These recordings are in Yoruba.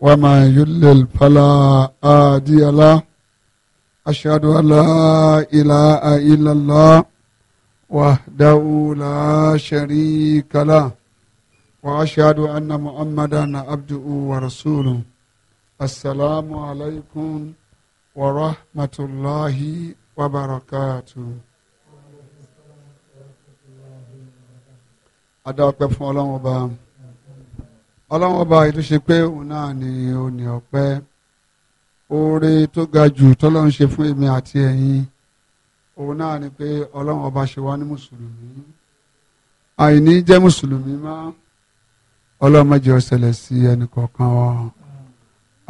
وما يلل فلا هادي له أشهد أن لا إله إلا الله وحده لا شريك له وأشهد أن محمدا عبده ورسوله السلام عليكم ورحمة الله وبركاته adáwọ́pẹ́ fún ọlọ́run ọba ọlọ́run ọba yìí tó ṣe pé òun náà ni òní ọ̀pẹ oore tó ga jù tọ́lọ́run ṣe fún èmi àti ẹ̀yin òun náà ni pé ọlọ́run ọba ṣe wá ní mùsùlùmí àìní jẹ́ mùsùlùmí má ọlọ́mọdé ọ̀sẹ̀lẹ̀ sí ẹnì kọ̀ọ̀kan wa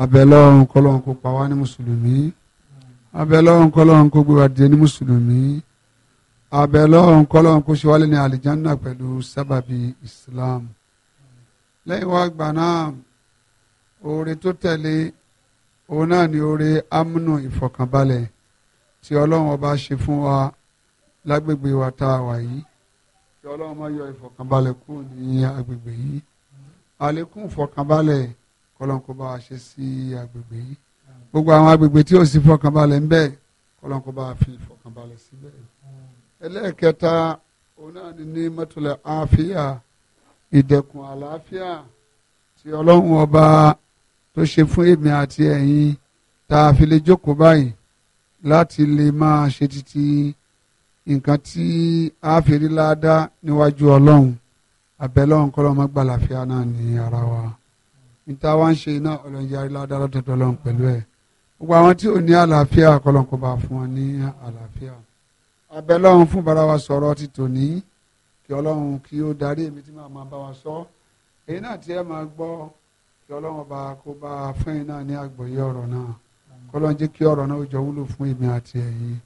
abẹ́lọ́run kọ́lọ́run kó pa wá ní mùsùlùmí abẹ́lọ́run kọ́lọ́run kó gbé wa dìde ní mùsùlùmí abẹ́lọ́run kọ́lọ́run kó ṣe wálé ní àlìjánná pẹ̀lú sábàbí Islam lẹ́yìn wá gbà náà oore tó tẹ̀lé òun náà ni oore amúnú ìfọ̀kànbalẹ̀ tí ọlọ́run ọba ṣe fún wa lágbègbè wa tá a wà yìí kí ọlọ́run máa yọ ìfọ̀kànbalẹ̀ kúrò ní agbègbè yìí àlékún ìfọ̀kànbalẹ̀ kọlọ́n kó bá wa ṣe sí agbègbè yìí gbogbo àwọn agbègbè tí ó sì fọ̀kànbalẹ̀ ń bẹ kọlọ́n kó bá wa fi ìfọ̀kànbalẹ̀ síbẹ̀ ẹlẹ́ẹ̀kẹta òun náà ni ní mọ́tòlẹ̀ àáfíà ìdẹ̀kùn àlàáfíà tí ọlọ́run ọba tó ṣe fún èmi àti ẹ̀yin tá a fi lè jókòó báyìí láti lè máa ṣe títí nǹkan tí a fi rí láadá níwájú ọlọ́run àbẹ̀lọ́run kọ́lọ́ má gbà láfíà náà ní ara wa níta wá ń ṣe iná ọlọ́run yarí láadá lọ́dọọdọ ọlọ́run pẹ̀lú ẹ̀ gbogbo àwọn tí ò ní àlàáfíà kọ́lọ́n kó bá fún wọn ní àlàáfíà àbẹ̀lọ́run fún bara wa sọ̀rọ̀ ti tòní kí ọlọ́run kí ó darí èmi tí màá máa bá wa sọ èyí náà tí ẹ máa gbọ́ kí ọlọ́run bá kó bá a fún yín náà ní àgbọ́yé ọ̀rọ̀ náà kọ́lọ́n jẹ́ kí ọ̀rọ̀ náà ó jọ wúlò fún èmi àti ẹ̀yin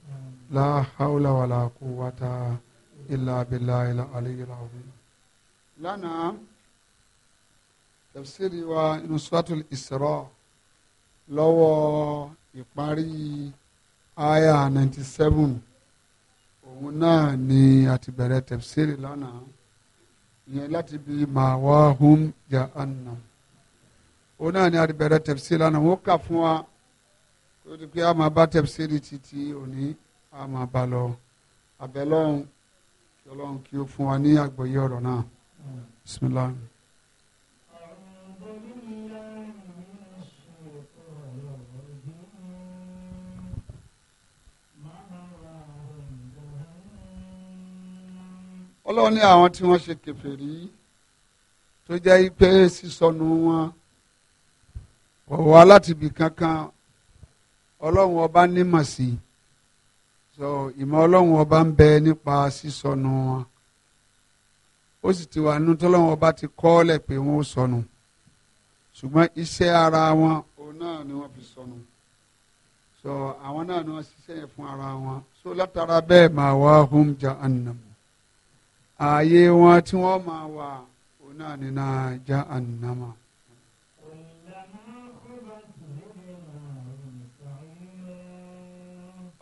la haula wala quwwata illa billahi al-aliyyil azim. lánàá tafsiri wa inú suratul Isra lọ́wọ́ ìparí aya ninety seven òun náà ni àti bẹ̀rẹ̀ tẹ̀síìrì lánàá ìyẹn láti bí màwáhùn jahannam òun náà ni àti bẹ̀rẹ̀ tẹ̀síìrì lánàá wọ́n kà fún wa tó ti pé a máa bá tẹ̀síìrì títí òní a máa bá lọ abẹ́lọ́hún kí ọlọ́run kí ó fún wa ní àgbọ́yé ọ̀rọ̀ náà bisimilahi. ọlọ́run ní àwọn tí wọ́n ṣe kèfèrí tó jẹ́ pé sísọnù wọn kò wá láti ibì kankan ọlọ́run ọba nímọ̀ sí so ìmọ̀ ọlọ́run ọba ń bẹ nípa sísọnù wọn ó sì ti wà nínú tọ́lọ́run ọba ti kọ́ọ́lẹ̀ pé wọ́n ó sọnù ṣùgbọ́n iṣẹ́ ara wọn òun náà ni wọ́n fi sọnù so àwọn náà ni wọ́n ṣiṣẹ́ yẹn fún ara wọn so látara bẹ́ẹ̀ màá wá hum jahannam ààyè wọn tí wọ́n máa wà òun náà ní náà já ànàmà.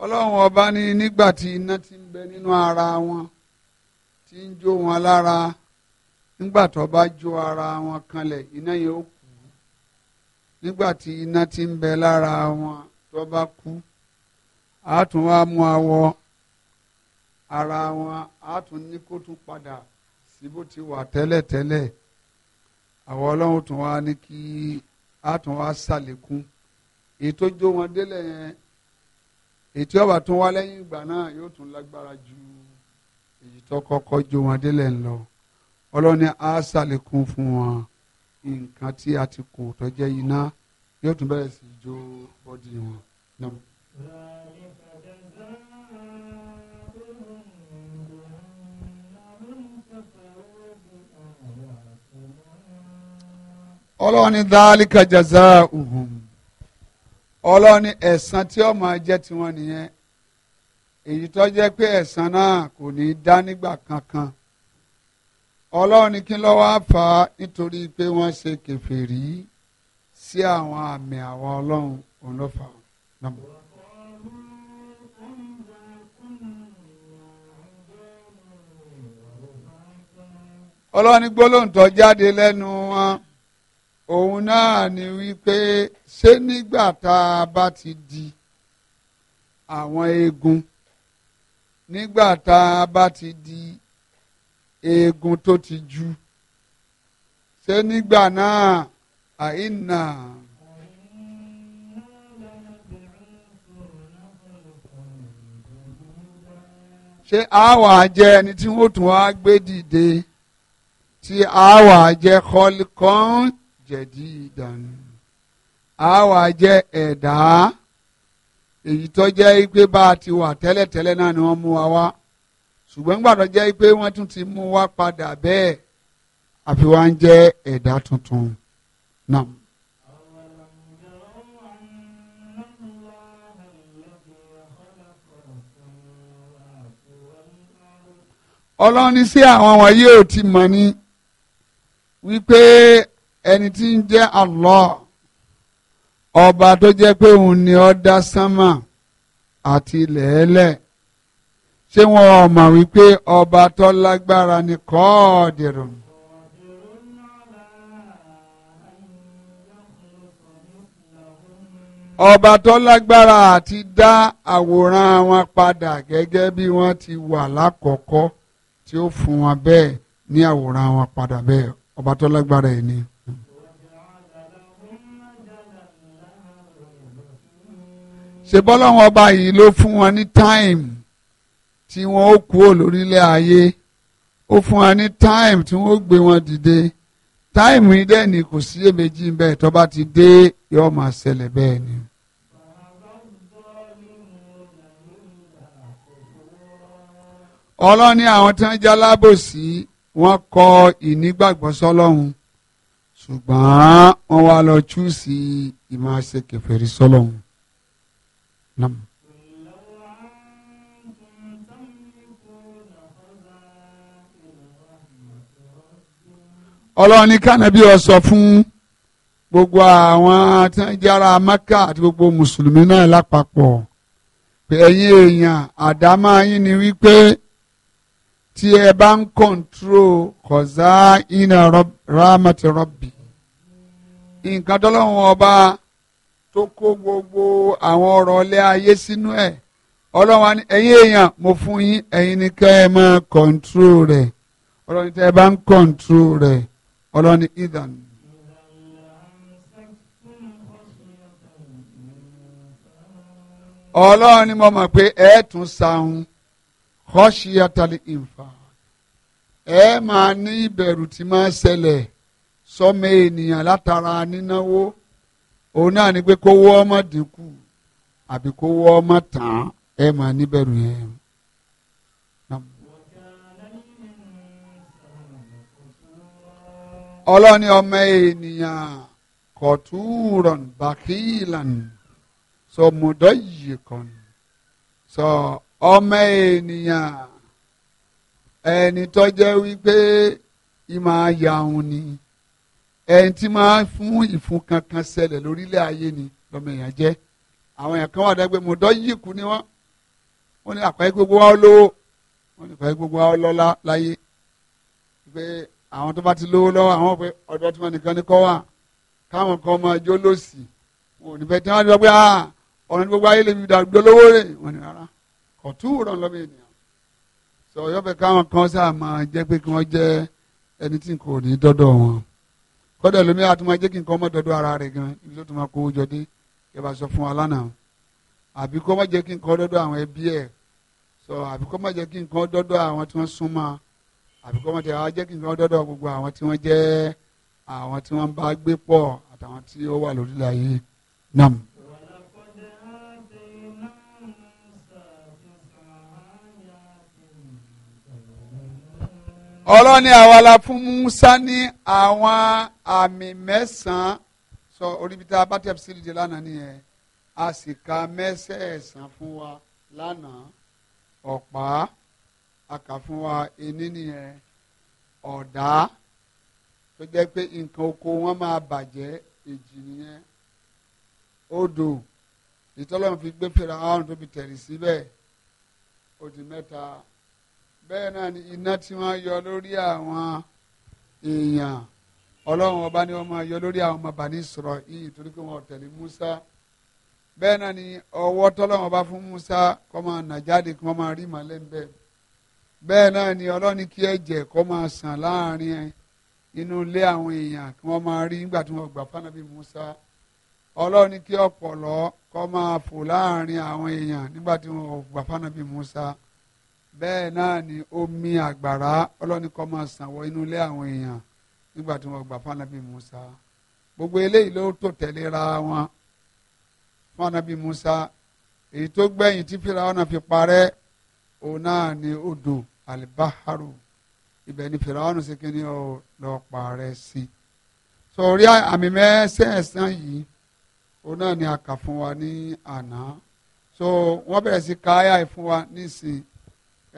ọlọ́run ọba ní nígbà tí iná ti ń bẹ nínú ara wọn tí ń jó wọn lára nígbà tó bá jó ara wọn kanlẹ̀ iná yẹn ó kú nígbà tí iná ti ń bẹ lára wọn tó bá kú àtúnwá mú awọ ara wọn á tún ní kó tún padà sí bó ti wà tẹ́lẹ̀tẹ́lẹ̀ àwọn ọlọ́run tún wá ní kí á tún wá ṣàlékún èyí tó jó wọn délẹ̀ yẹn èyí tí ọba tún wá lẹ́yìn ìgbà náà yóò tún lágbára ju èyí tó kọ́kọ́ jó wọn délẹ̀ ń lọ ọlọ́run ní á ṣàlékún fún wọn nǹkan tí a ti kò tọ́jẹ́ iná yóò tún bẹ̀rẹ̀ sí í jó bọ́dì wọn. No. ọlọ́run ní dhalika jazaa'uhum ọlọ́run ní ẹ̀san tí ó máa jẹ́ tiwọn nìyẹn èyí tó jẹ́ pé Ẹ̀sán náà kò ní í dá nígbà kankan ọlọ́run ní kí ló wá fà á nítorí pé wọ́n ṣe kèfèrí sí àwọn àmì àwọn ọlọ́run òun ló fà á. ọlọ́run ní jáde lẹ́nu òun náà ni wípé ṣé nígbà tá a bá ti di àwọn eegun nígbà tá a bá ti di eegun tó ti ju ṣé nígbà náà àìnà. ṣé àwa jẹ́ ẹni tí wọ́n tún wá gbé dìde tí àwa jẹ́ kọ́líkọ́ńtì jadidan a wà jẹ́ ẹ̀dá èyí tó jẹ́ pé bá a ti wà tẹ́lẹ̀tẹ́lẹ̀ náà ni wọ́n mú wa wá ṣùgbọ́n nígbà tó jẹ́ pé wọ́n tún ti mú wa padà bẹ́ẹ̀ àfi wá ń jẹ́ ẹ̀dá tuntun náà. ọlọ́ni sí àwọn wọ̀nyí ò ti mọ̀ ni wípé ẹni tí ń jẹ́ Allah ọba tó jẹ́ pé òun ni ó dá sánmà àti lẹ́ẹ̀lẹ̀ ṣé wọn ò mọ̀ wípé ọba tó lágbára ni kọ́ọ̀dìrù. ọba tó lágbára àti dá àwòrán wọn padà gẹ́gẹ́ bí wọ́n ti wà lákọ̀ọ́kọ́ tí ó fún wọn bẹ́ẹ̀ ní àwòrán wọn padà bẹ́ẹ̀ ọba tó lágbára ẹ̀ ni. ṣe bọ́lọ́wọ́n ọba yìí ló fún wọn ní time tí wọ́n ó kúrò lórílẹ̀ ayé ó fún wọn ní time tí wọ́n ó gbé wọn dìde time yìí dẹ́ ni kò sí èméjì ń bẹ́ẹ̀ tó bá ti dé yóò máa ṣẹlẹ̀ bẹ́ẹ̀ ni. ọlọ́ni àwọn tí wọ́n já lábòsí wọ́n kọ ìnígbàgbọ́ sọ́lọ́hun ṣùgbọ́n wọ́n wá lọ tú sí ìmáṣe kèfèrí sọ́lọ́hun năm ọlọ́run ní kànábí ó sọ fún gbogbo àwọn tí wọ́n àti gbogbo mùsùlùmí náà lápapọ̀ ẹ̀yin èèyàn àdámá yín ni wípé tí ẹ bá ń kọ̀ǹtró kọ̀zá iná rámàtí rọ́bì nǹkan tọ́lọ́run ọba tó kó gbogbo àwọn ọ̀rọ̀ ilé ayé sínú ẹ̀ ọlọ́run àni ẹ̀yin èèyàn mo fún yín ẹ̀yin ni kẹ́ ẹ máa kọ̀ǹtró rẹ̀ ọlọ́run tẹ́ ẹ bá ń kọ̀ǹtró rẹ̀ ọlọ́run ni idan. ọlọ́run ni mo mọ̀ pé ẹ tún sahun kọ́ṣí atali ìfà ẹ máa ní ìbẹ̀rù tí máa ṣẹlẹ̀ sọ́mọ ènìyàn látara nínáwó. òun náà ni pé kówó ọmọ dínkù àbí kówó ọmọ tán ẹ máa níbẹ̀rù yẹn. ọlọ́ni ọmọ ènìyàn kọ̀túrọ̀n bàkìlàn sọ mọ̀dọ́ yìí kan sọ ọmọ ènìyàn ẹni tó jẹ́ wípé ìmọ̀ àyà òun ni. ẹni tí máa fún ìfún kankan ṣẹlẹ̀ lórílẹ̀ ayé ni lọ́mọ èèyàn jẹ́ àwọn èèyàn kan wà dágbé mọ̀dọ́ yìí kú ni wọ́n wọ́n ní àpáyé gbogbo wa lówó wọ́n ní àpáyé gbogbo wa lọ́lá láyé pé àwọn tó bá ti lówó lọ́wọ́ àwọn pé ọ̀dọ́ tí wọ́n nìkan ní kọ́ wà káwọn kan máa jó lòsì wọn ò ní fẹ́ tí wọ́n ti sọ pé ọ̀run gbogbo ayé lè fi dàgbò lówó rè wọ́n ní rárá kọ̀tú rọ̀ lọ́mọ ènìyàn sọ yọ̀bẹ̀ káwọn kan sáà máa jẹ́ pé kí wọ́n jẹ́ ẹni tí kò ní dọ́dọ̀ wọn kọ́dọ̀ ẹlòmíì àtúmọ̀ jẹ́ kí nǹkan ọmọ dọ̀dọ̀ ara rẹ̀ gan ibi tó tún máa kówó jọ dé yẹba sọ fún wa lánàá àbí kọ́ má jẹ́ kí nǹkan dọ́dọ̀ àwọn ẹbí ẹ̀ sọ àbí kọ́ má jẹ́ kí nǹkan dọ́dọ̀ àwọn tí wọ́n súnmọ́ àbí kọ́ má jẹ́ kí nǹkan dọ́dọ̀ gbogbo àwọn tí wọ́n jẹ́ àwọn tí wọ́n bá gbé pọ̀ àtàwọn tí ó wà lórílẹ̀ ayé náà. ọlọ́ni àwa la fún Musa ní àwọn àmì mẹ́sàn-án sọ oríbitá bátẹ́pù sílídìí lánàá nìyẹn a sì ka mẹ́sẹ̀ẹ̀sán fún wa lánàá ọ̀pá a kà fún wa ení nìyẹn ọ̀dá tó jẹ́ pé nǹkan oko wọn máa bàjẹ́ èjì nìyẹn odò ìtọ́lọ́run fi gbé fèrè àwọn tó fi tẹ̀rì síbẹ̀ ó mẹ́ta. bẹ́ẹ̀ náà ni iná tí yọ lórí àwọn èèyàn ọlọ́run ọba ni wọ́n máa yọ lórí àwọn ọmọ bani Isra'il torí pé wọ́n tẹ̀lé Musa bẹ́ẹ̀ ni ọwọ́ tọ́lọ́run ọba fún Musa kọ́ máa nà jáde kó máa rí màlẹ́ ń ni ọlọ́run ní kí ẹ̀jẹ̀ kọ́ máa sàn láàrin inú ilé àwọn èèyàn kí wọ́n rí nígbà tí wọ́n gbà Musa bẹ́ẹ̀ náà ni omi àgbàrá ọlọ́ni kọ́ máa sàn wọ inú ilé àwọn èèyàn nígbà tí wọ́n gbà fún anabi musa gbogbo eléyìí ló tò tẹ̀léra wọn fún musa èyí tó gbẹ̀yìn tí fìràwọ́nà fi parẹ́ òun náà ni odò alibaharu ibẹ̀ ni fìràwọ́nà ṣe kíni ọ lọ parẹ́ sí sọ̀rí àmì mẹ́sẹ̀ẹ̀sán yìí òun náà ni a kà fún wa ní àná so wọ́n bẹ̀rẹ̀ sí káyà fún wa nísìnyí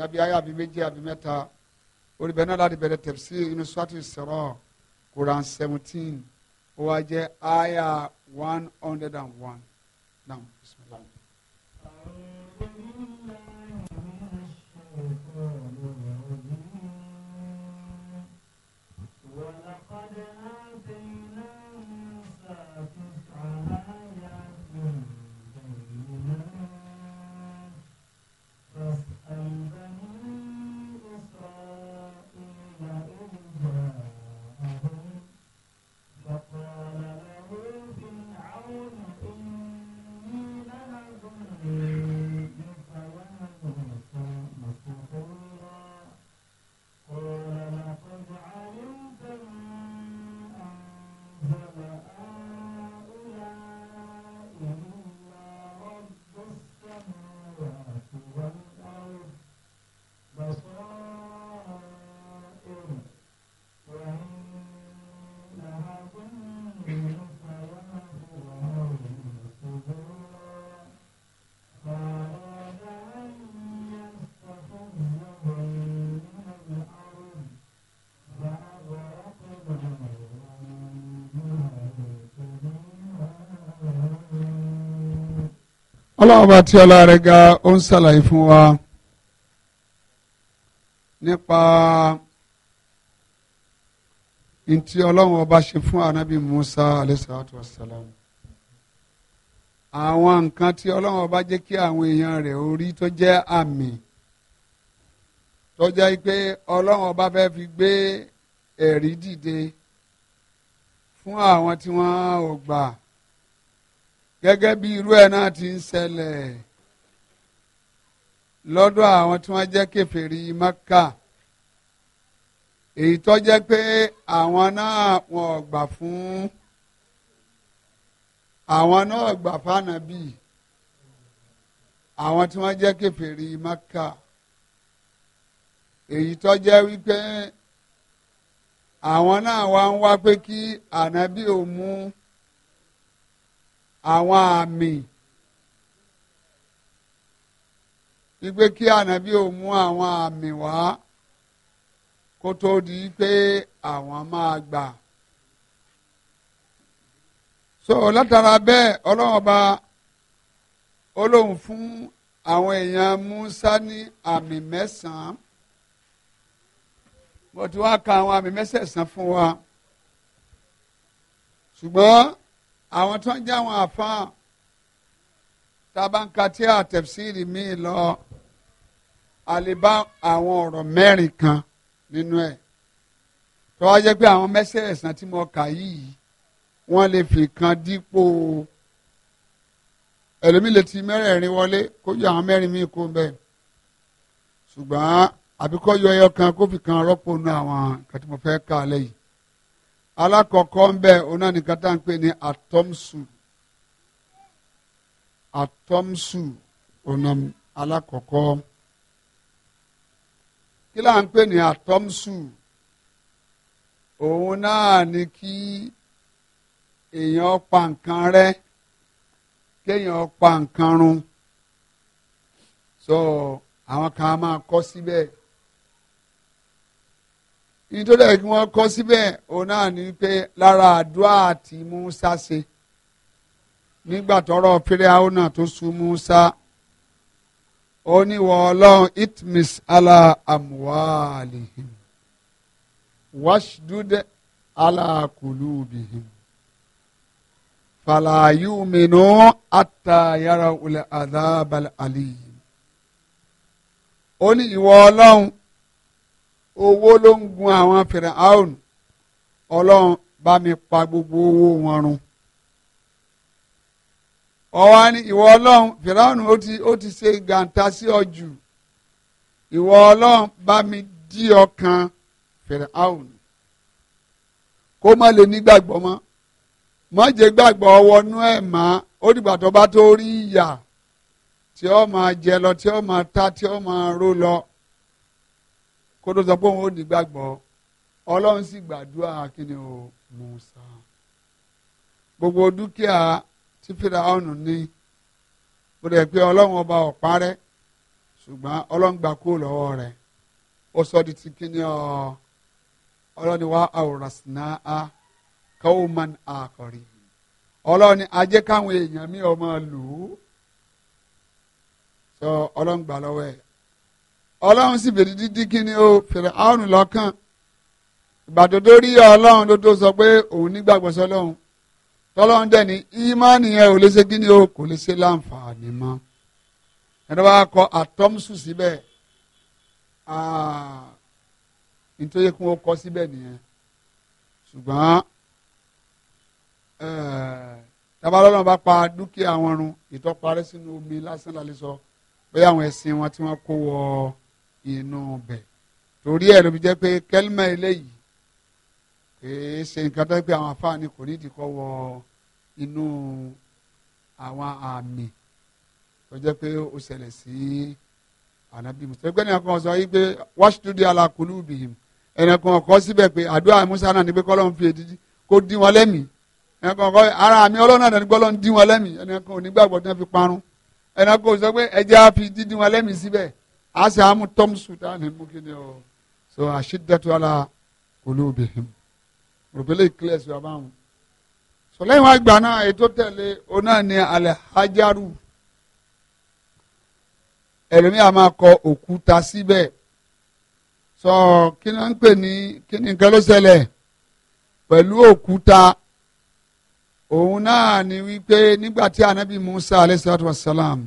àbí ayé àbí méjì àbí mẹ́ta orí bẹ́ẹ̀ náà láti bẹ̀rẹ̀ tẹ̀sí inú swati sọ̀rọ̀ Quran seventeen ó wá jẹ́ aya one hundred and one. ọlọ́run bá tí ọlá rẹ̀ ga ó ń ṣàlàyé fún wa nípa ntí ọlọ́run ọba ṣe fún anabi Musa alayisalaatu wasalaam àwọn nǹkan tí ọlọ́run ọba jẹ́ kí àwọn èèyàn rẹ̀ orí tó jẹ́ àmì tó jẹ́ pé ọlọ́run ọba fẹ́ fi gbé ẹ̀rí dìde fún àwọn tí wọ́n ò gbà gẹ́gẹ́ bí irú ẹ̀ náà ti ń ṣẹlẹ̀ lọ́dọ̀ àwọn tí wọ́n jẹ́ kèfèrí Mákà èyí tó jẹ́ pé àwọn náà wọn gbà fún àwọn náà gbà fànàbì àwọn tí wọ́n jẹ́ kèfèrí Mákà èyí tó jẹ́ wípé àwọn náà wá ń wá pé kí ànábì ò mú àwọn àmì wípé kí ànábì ò mú àwọn àmì wá kó tó di pé àwọn máa gbà. so látara bẹ́ẹ̀ ọlọ́run ọba olóhùn fún àwọn èèyàn Musa ní àmì mẹ́sàn-án mo ti wá ka àwọn àmì mẹ́sẹ̀ẹ̀sán fún wa ṣùgbọ́n àwọn tó ń jẹ́ àwọn àfáà tabanka tí a tẹ̀síìrì míì lọ a lè bá àwọn ọ̀rọ̀ mẹ́rin kan nínú ẹ̀ tó wá jẹ́ pé àwọn mẹ́sẹ̀ẹ̀sán tí mo kà yìí wọ́n lè fi kan dípò ẹlòmíì lè ti mẹ́rẹ̀ẹ̀rin wọlé kó yọ àwọn mẹ́rin míì kó bẹ́ẹ̀ ṣùgbọ́n àbíkọ́ yọ ẹyọ kan kó fi kan rọ́pò nu àwọn nǹkan mo fẹ́ kà lẹ́yìn alákọ̀ọ́kọ́ ń bẹ̀ ọ̀nà nìkan tá à ń pè ní àtọ́msù àtọ́msù ọ̀nà alákọ̀ọ́kọ́ kí là ń pè ní àtọ́msù òun náà ni kí èèyàn pa nǹkan rẹ kéèyàn pa nǹkan run so àwọn kan máa kọ́ síbẹ̀. Si nítorí kí wọ́n kọ́ síbẹ̀ òun náà ní pé lára àdúrà àti Musa ṣe nígbà tọrọ fíríàwọ náà tó sú Musa ó ní wọ Ọlọ́run itmis ala amuwaalihim washdud ala kulubihim fala yuminu ata yara ule adabal aliyim ó ní owó ló ń gun àwọn Fìràáhùn ọlọ́run bá mi pa gbogbo owó wọn run ọwọ́ ni ìwọ ọlọ́run Fìràáhùn ó ti ó ti ṣe gàǹtà sí ọ jù ìwọ ọlọ́run bá mi dí ọkàn Fìràáhùn kó má lè nígbàgbọ́ mọ́ má jẹ́ gbàgbọ́ wọnú ẹ̀ má ó dìgbà tó bá tó rí ìyà tí ó máa jẹ lọ tí ó máa ta tí ó máa ró lọ kó tó sọ pé òun ò ní gbàgbọ́ ọlọ́run sì gbàdúrà kíni o Mùsá gbogbo dúkìá tí Fíráúnù ní ó dẹ̀ pé ọlọ́run ọba ọ̀pá rẹ ṣùgbọ́n ọlọ́run gbà kúrò lọ́wọ́ rẹ̀ ó sọ di ti kíni ọ ọlọ́ni wa àwòrán á kọ́ọ̀mán àkọ́rí ni ajé káwọn èèyàn mi ọmọ lù ú sọ ọlọ́run gbà lọ́wọ́ ẹ̀ ọlọ́run sì fèrè dídí kí ni ó fèrè àrùn lọ́kàn ìgbàdo tó rí ọlọ́run ló tó sọ pé òun nígbàgbọ́ sọlọ́run tọ́lọ́run dẹ̀ ní ìmánì yẹn ò lè ṣe kí ni ó kò lè ṣe láǹfààní mọ́ ẹni wàá kọ àtọ́mùsù síbẹ̀ nítorí kí wọ́n kọ síbẹ̀ nìyẹn ṣùgbọ́n tabalọ́nà bá pa dúkìá wọn run ìtọ́parẹ́ sínú omi lásán lálẹ́ sọ bóyá àwọn ẹ̀sìn wọn tí wọ́n kó wọ́ọ́ inú bẹ̀ torí ẹ̀ ló fi jẹ́ pé kẹ́límà eléyìí kìí ṣe nǹkan tó ń pè àwọn afáàní kò ní ìdíkọ́ wọ inú àwọn àmì tó jẹ́ pé ó ṣẹlẹ̀ sí ànábì Musa ẹgbẹ́ nìkan kan sọ yìí pé washdud ala qulubihim ẹnìkan ọkọ síbẹ̀ pé àdúrà Musa náà ni pé kọ́lọ́n fi èdìdí kó dín wọn lẹ́mìí ẹnìkan ọkọ ara àmì ọlọ́run náà ni kọ́lọ́n dín wọn lẹ́mìí ẹnìkan onígbàgbọ́ tí wọ́n fi parun ẹnìkan sọ pé ẹjẹ́ á fi dídín wọn lẹ́mìí síbẹ̀ asahamu tom sudan mukini o so asidatu ala kulubihim rògbélé clear sí ọba wọn sọlẹ́yìn wa gbà náà ètò tẹ̀lé onáà ní alẹ́ hajaru ẹlòmí a máa kọ òkúta síbẹ̀ sọ kí ni wọ́n ń pè ní kí ni nǹkan ló òkúta òun náà ni wípé nígbà tí anabi musa alayhi salatu wa salam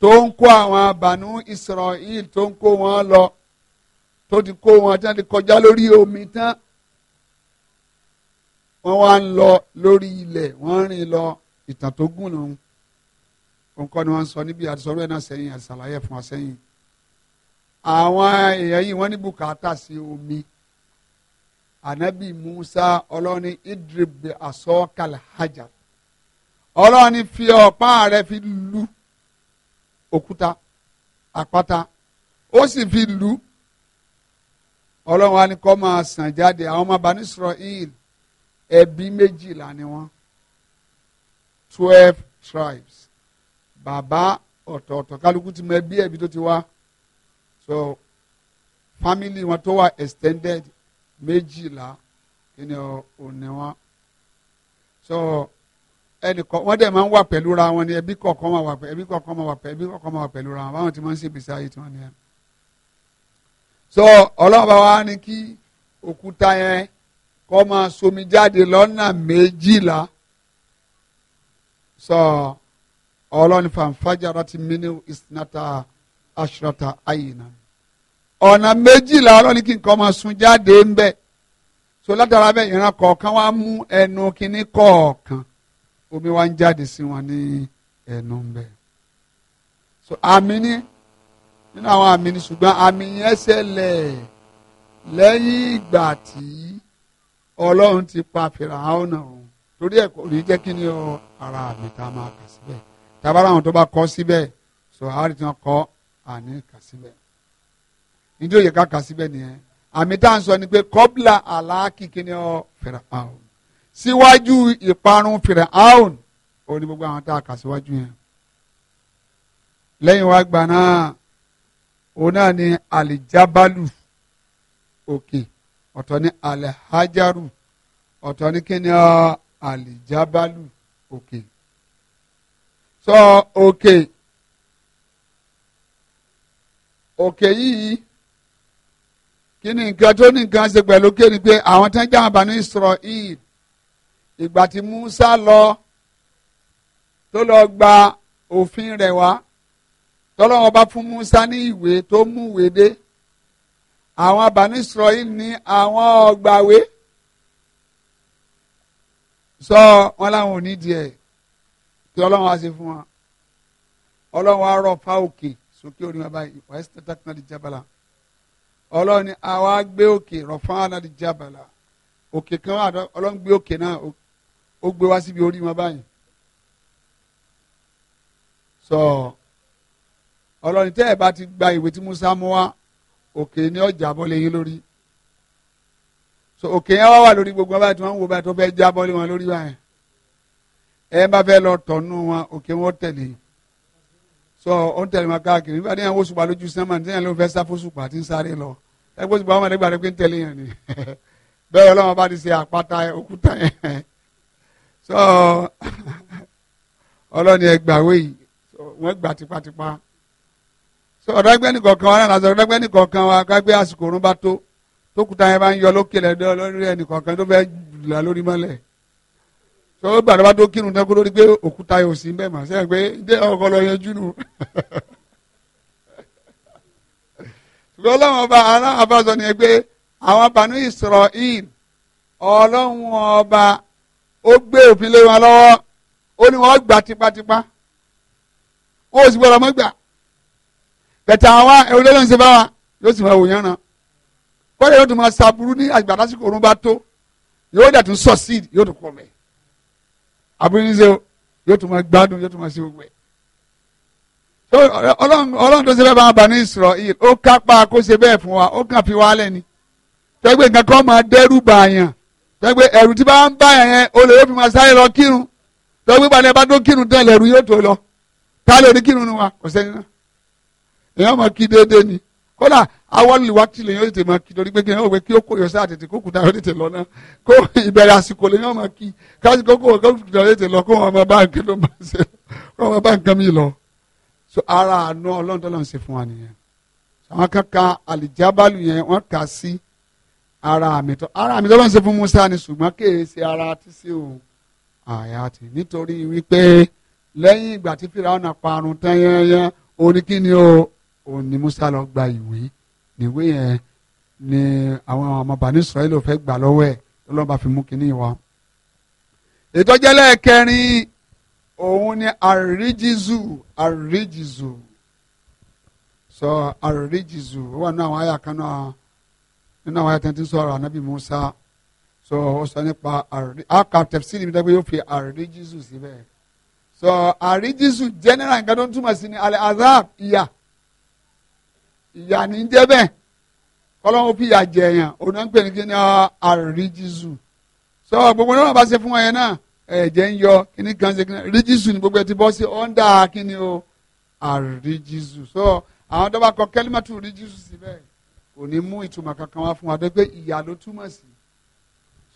tó ń kó àwọn bànú Israel tó ń kó wọn lọ tó ti kó wọn tán ti kọjá lórí omi tán wọ́n wá ń lọ lórí ilẹ̀ wọ́n rìn lọ ìtàn tó gùn nù nǹkan ni wọ́n sọ níbi àtisọ́rọ́ ẹ̀ náà sẹ́yìn àtisàlàyé fún wa sẹ́yìn àwọn èèyàn yìí wọ́n ní bùkátà sí omi ànábì Musa ọlọ́ni idrib asọ́ kalhajar ọlọ́ni fi ọ̀pá rẹ̀ fi lu òkúta àpáta ó sì fi lù ú ọlọ́run á ní kó máa sàn jáde àwọn ọmọ bani Israel ẹbí méjìlá ni wọ́n twelve tribes bàbá ọ̀tọ̀ọ̀tọ̀ kálukú ti mọ ẹbí ẹbí tó ti wá so family wọn tó wà extended méjìlá kí ni ò ní wọn so ẹnìkan wọ́n dẹ̀ máa ń wà pẹ̀lú ra wọn ni ẹbí kọ̀ọ̀kan máa wà pẹ̀lú ẹbí kọ̀ọ̀kan máa wà pẹ̀lú ẹbí kọ̀ọ̀kan máa wà pẹ̀lú ra wọn báwọn ti máa ń ṣe ayé tí wọ́n ní ẹ. so ọlọ́run bá wa ní kí òkúta yẹn kọ́ máa somi jáde lọ́nà méjìlá so ọlọ́run fanfàjára ti mínú ìsinata aṣọ́ta àyìnà ọ̀nà méjìlá ọlọ́run kí nǹkan máa sun jáde ń bẹ̀ so látara bẹ́ẹ̀ ìran kọ̀ọ̀kan wá mú ẹnu kínní kọ̀ọ̀kan omi wá ń jáde sí wọn ní ẹnu ń bẹ so àmì ni nínú àwọn àmì ni ṣùgbọ́n àmì yẹn ṣẹlẹ̀ lẹ́yìn ìgbà tí ọlọ́run ti pa fìràhàn náà torí ẹ̀ kò ní jẹ́ kí ni ọ ara àmì tá a máa kà síbẹ̀ tabara àwọn tó bá kọ́ síbẹ̀ so àárí tí wọ́n kọ́ àní kà síbẹ̀ nítorí òye ká kà síbẹ̀ nìyẹn àmì tá à ń sọ ni pé kọ́bla àlàákì kí ni ọ fìràhàn síwájú ìparun fìràhàn orí gbogbo àwọn tá a kà síwájú yẹn lẹ́yìn wá gbà náà òun náà ni alijabalu òkè ọ̀tọ̀ ni alihajaru ọ̀tọ̀ ni kíni ọ uh, alijabalu òkè sọ òkè òkè yìí kíni nǹkan tó ní nǹkan ṣe pẹ̀lú kéde pé àwọn tán jáàbá ní Israel ìgbà tí Musa lọ tó lọ gba òfin rẹ̀ wá tọ́lọ́wọ́n bá fún Musa ní ìwé tó mú ìwé dé àwọn abanisrọ yìí ní àwọn ọgbàwé sọ wọn làwọn ò ní díẹ̀ kí Ọlọ́run á ṣe fún wa Ọlọ́run á rọ fa òkè sókè orí báyìí wàá ṣe tẹ́tà kan di jábàlá Ọlọ́run ni àwa gbé òkè rọ̀fọ́n àná di jábàlá òkè kan wà Ọlọ́run gbé òkè náà ó gbé wá síbi orí wọn báyìí sọ ọlọ́run tẹ́ ẹ̀ bá ti gba ìwé tí Musa mú wá òkè ní ọjà bọ́lé yín lórí so òkè yẹn wá wà lórí gbogbo wọn báyìí tí wọ́n ń wo báyìí tó fẹ́ já bọ́lé wọn lórí báyìí ẹ bá fẹ́ lọ tọ̀nù wọn òkè wọn tẹ̀lé sọ ó ń tẹ̀lé wọn káàkiri nígbà tí yẹn wọ́n sùpà lójú sẹ́mà ní sẹ́yìn ló fẹ́ sáfósùpà tí ń sáré lọ ẹgbẹ́ sùpà wọn lẹ́gbàá rẹ pé ń tẹ̀lé yẹn ni bẹ́ẹ̀ ọlọ́run bá ti ṣe àpáta òkúta yẹn so ọlọ́ni ẹgbàáwé yìí wọ́n gbà tipátipá so ọ̀dọ́gbẹ́ni kọ̀ọ̀kan wa náà ọ̀dọ́gbẹ́ni kọ̀ọ̀kan wa kágbé àsìkò òrùn bá tó tó kùtà yẹn bá ń yọ lókè lẹ́dọ́ lórí ẹnì kọ̀ọ̀kan tó fẹ́ là lórí mọ́lẹ̀ so ó gbàdúrà tó kírun tẹ́kọ́ lórí pé òkúta yóò sí bẹ́ẹ̀ mà sẹ́yìn pé dé ọkọ lọ yẹn júnù ṣùgbọ́n ni pé àwọn Banu Israel ọlọ́run ọba ó gbé òfin lé wọn lọ́wọ́ ó ní wọ́n gbà tipátipá wọn ò sì gbọ́dọ̀ mọ́ gbà bẹ̀tẹ̀ àwọn ewúrẹ́ ló ń ṣe báwa yóò sì máa wò yán náà kọ́lé yóò tún máa ṣàbùrú ní àgbà lásìkò òrùn bá tó yóò dẹ̀ tún succeed yóò tún kọ́ mẹ́ àbúrò ní ṣe yóò tún máa gbádùn yóò tún máa ṣe gbogbo ẹ̀ ọlọ́run tó ṣe bẹ́ẹ̀ bá bá ní Ísírẹ́lì ó kápá kó ṣe bẹ́ẹ̀ fún wa ó kàn fi wá lẹ́ni tẹ́gbẹ́ nǹkan kan máa dẹ́rù bàyàn tẹ́gbẹ́ ẹ̀rù tí bá ń bá yẹn yẹn olè yóò fi máa sáré lọ kírun tẹ́gbẹ́ bá ní ẹ bá tó kírun tán lẹ́rù yóò tó lọ tá lè ní kírun wa kò sẹ́ni náà èèyàn máa kí déédéé ni kódà àwọn ìwà tí lè yóò tètè máa kí torí pé kéèyàn òwe kí ó kó yọsẹ àtètè kó kùtà yóò tètè lọ náà kó ìbẹ̀rẹ̀ àsìkò lè yóò máa kí káàsì kó kó kó kùtà yóò tètè lọ kó wọn máa bá nǹkan tó máa ṣe so ara àánú ọlọ́run tó lọ́n ṣe fún wa nìyẹn àwọn ara àmì tó ara àmì tó lọ́n ṣe fún Musa ni ṣùgbọ́n kìí ṣe ara ti sí o àyà ti nítorí wípé lẹ́yìn ìgbà tí Fíráúnà parun tán yẹ́nyẹ́ oníkíni o òun ni Musa lọ gba ìwé níwé yẹn ni àwọn ọmọ bani Israẹli ò fẹ́ gbà lọ́wọ́ ẹ̀ lọ́ba fi mú kíní wa. ìtọ́jẹ́lẹ̀ kẹrin òun ni àríjìzù àríjìzù sọ àríjìzù ó wà ní àwọn àyà nínú àwọn ayatollah ti sọ ọ̀rọ̀ anabi musa sọ ọ sọ nípa àrùdí aka tẹfsiri mi dẹ́gbẹ́ yóò fi àrùdí jésù síbẹ̀ sọ àrùdí jésù general nǹkan tó ń túmọ̀ sí ni alẹ́ azab ìyà ìyà ní jẹ́ bẹ́ẹ̀ kọ́lọ́hún fi ìyà jẹ èèyàn òun ń pè ní kí ni àrùdí jésù sọ gbogbo náà bá ṣe fún wọn yẹn náà ẹ̀jẹ̀ ń yọ kí ni kan ṣe kí ni ríjísù ni gbogbo ẹ ti bọ́ sí ọ̀ndà kí ni o àrùdí jésù sọ àwọn tó kọ kẹ́límẹ́tù ríjísù síbẹ̀ kò ní mú ìtumọ̀ kankan wá fún wa tó pé ìyà ló túmọ̀ sí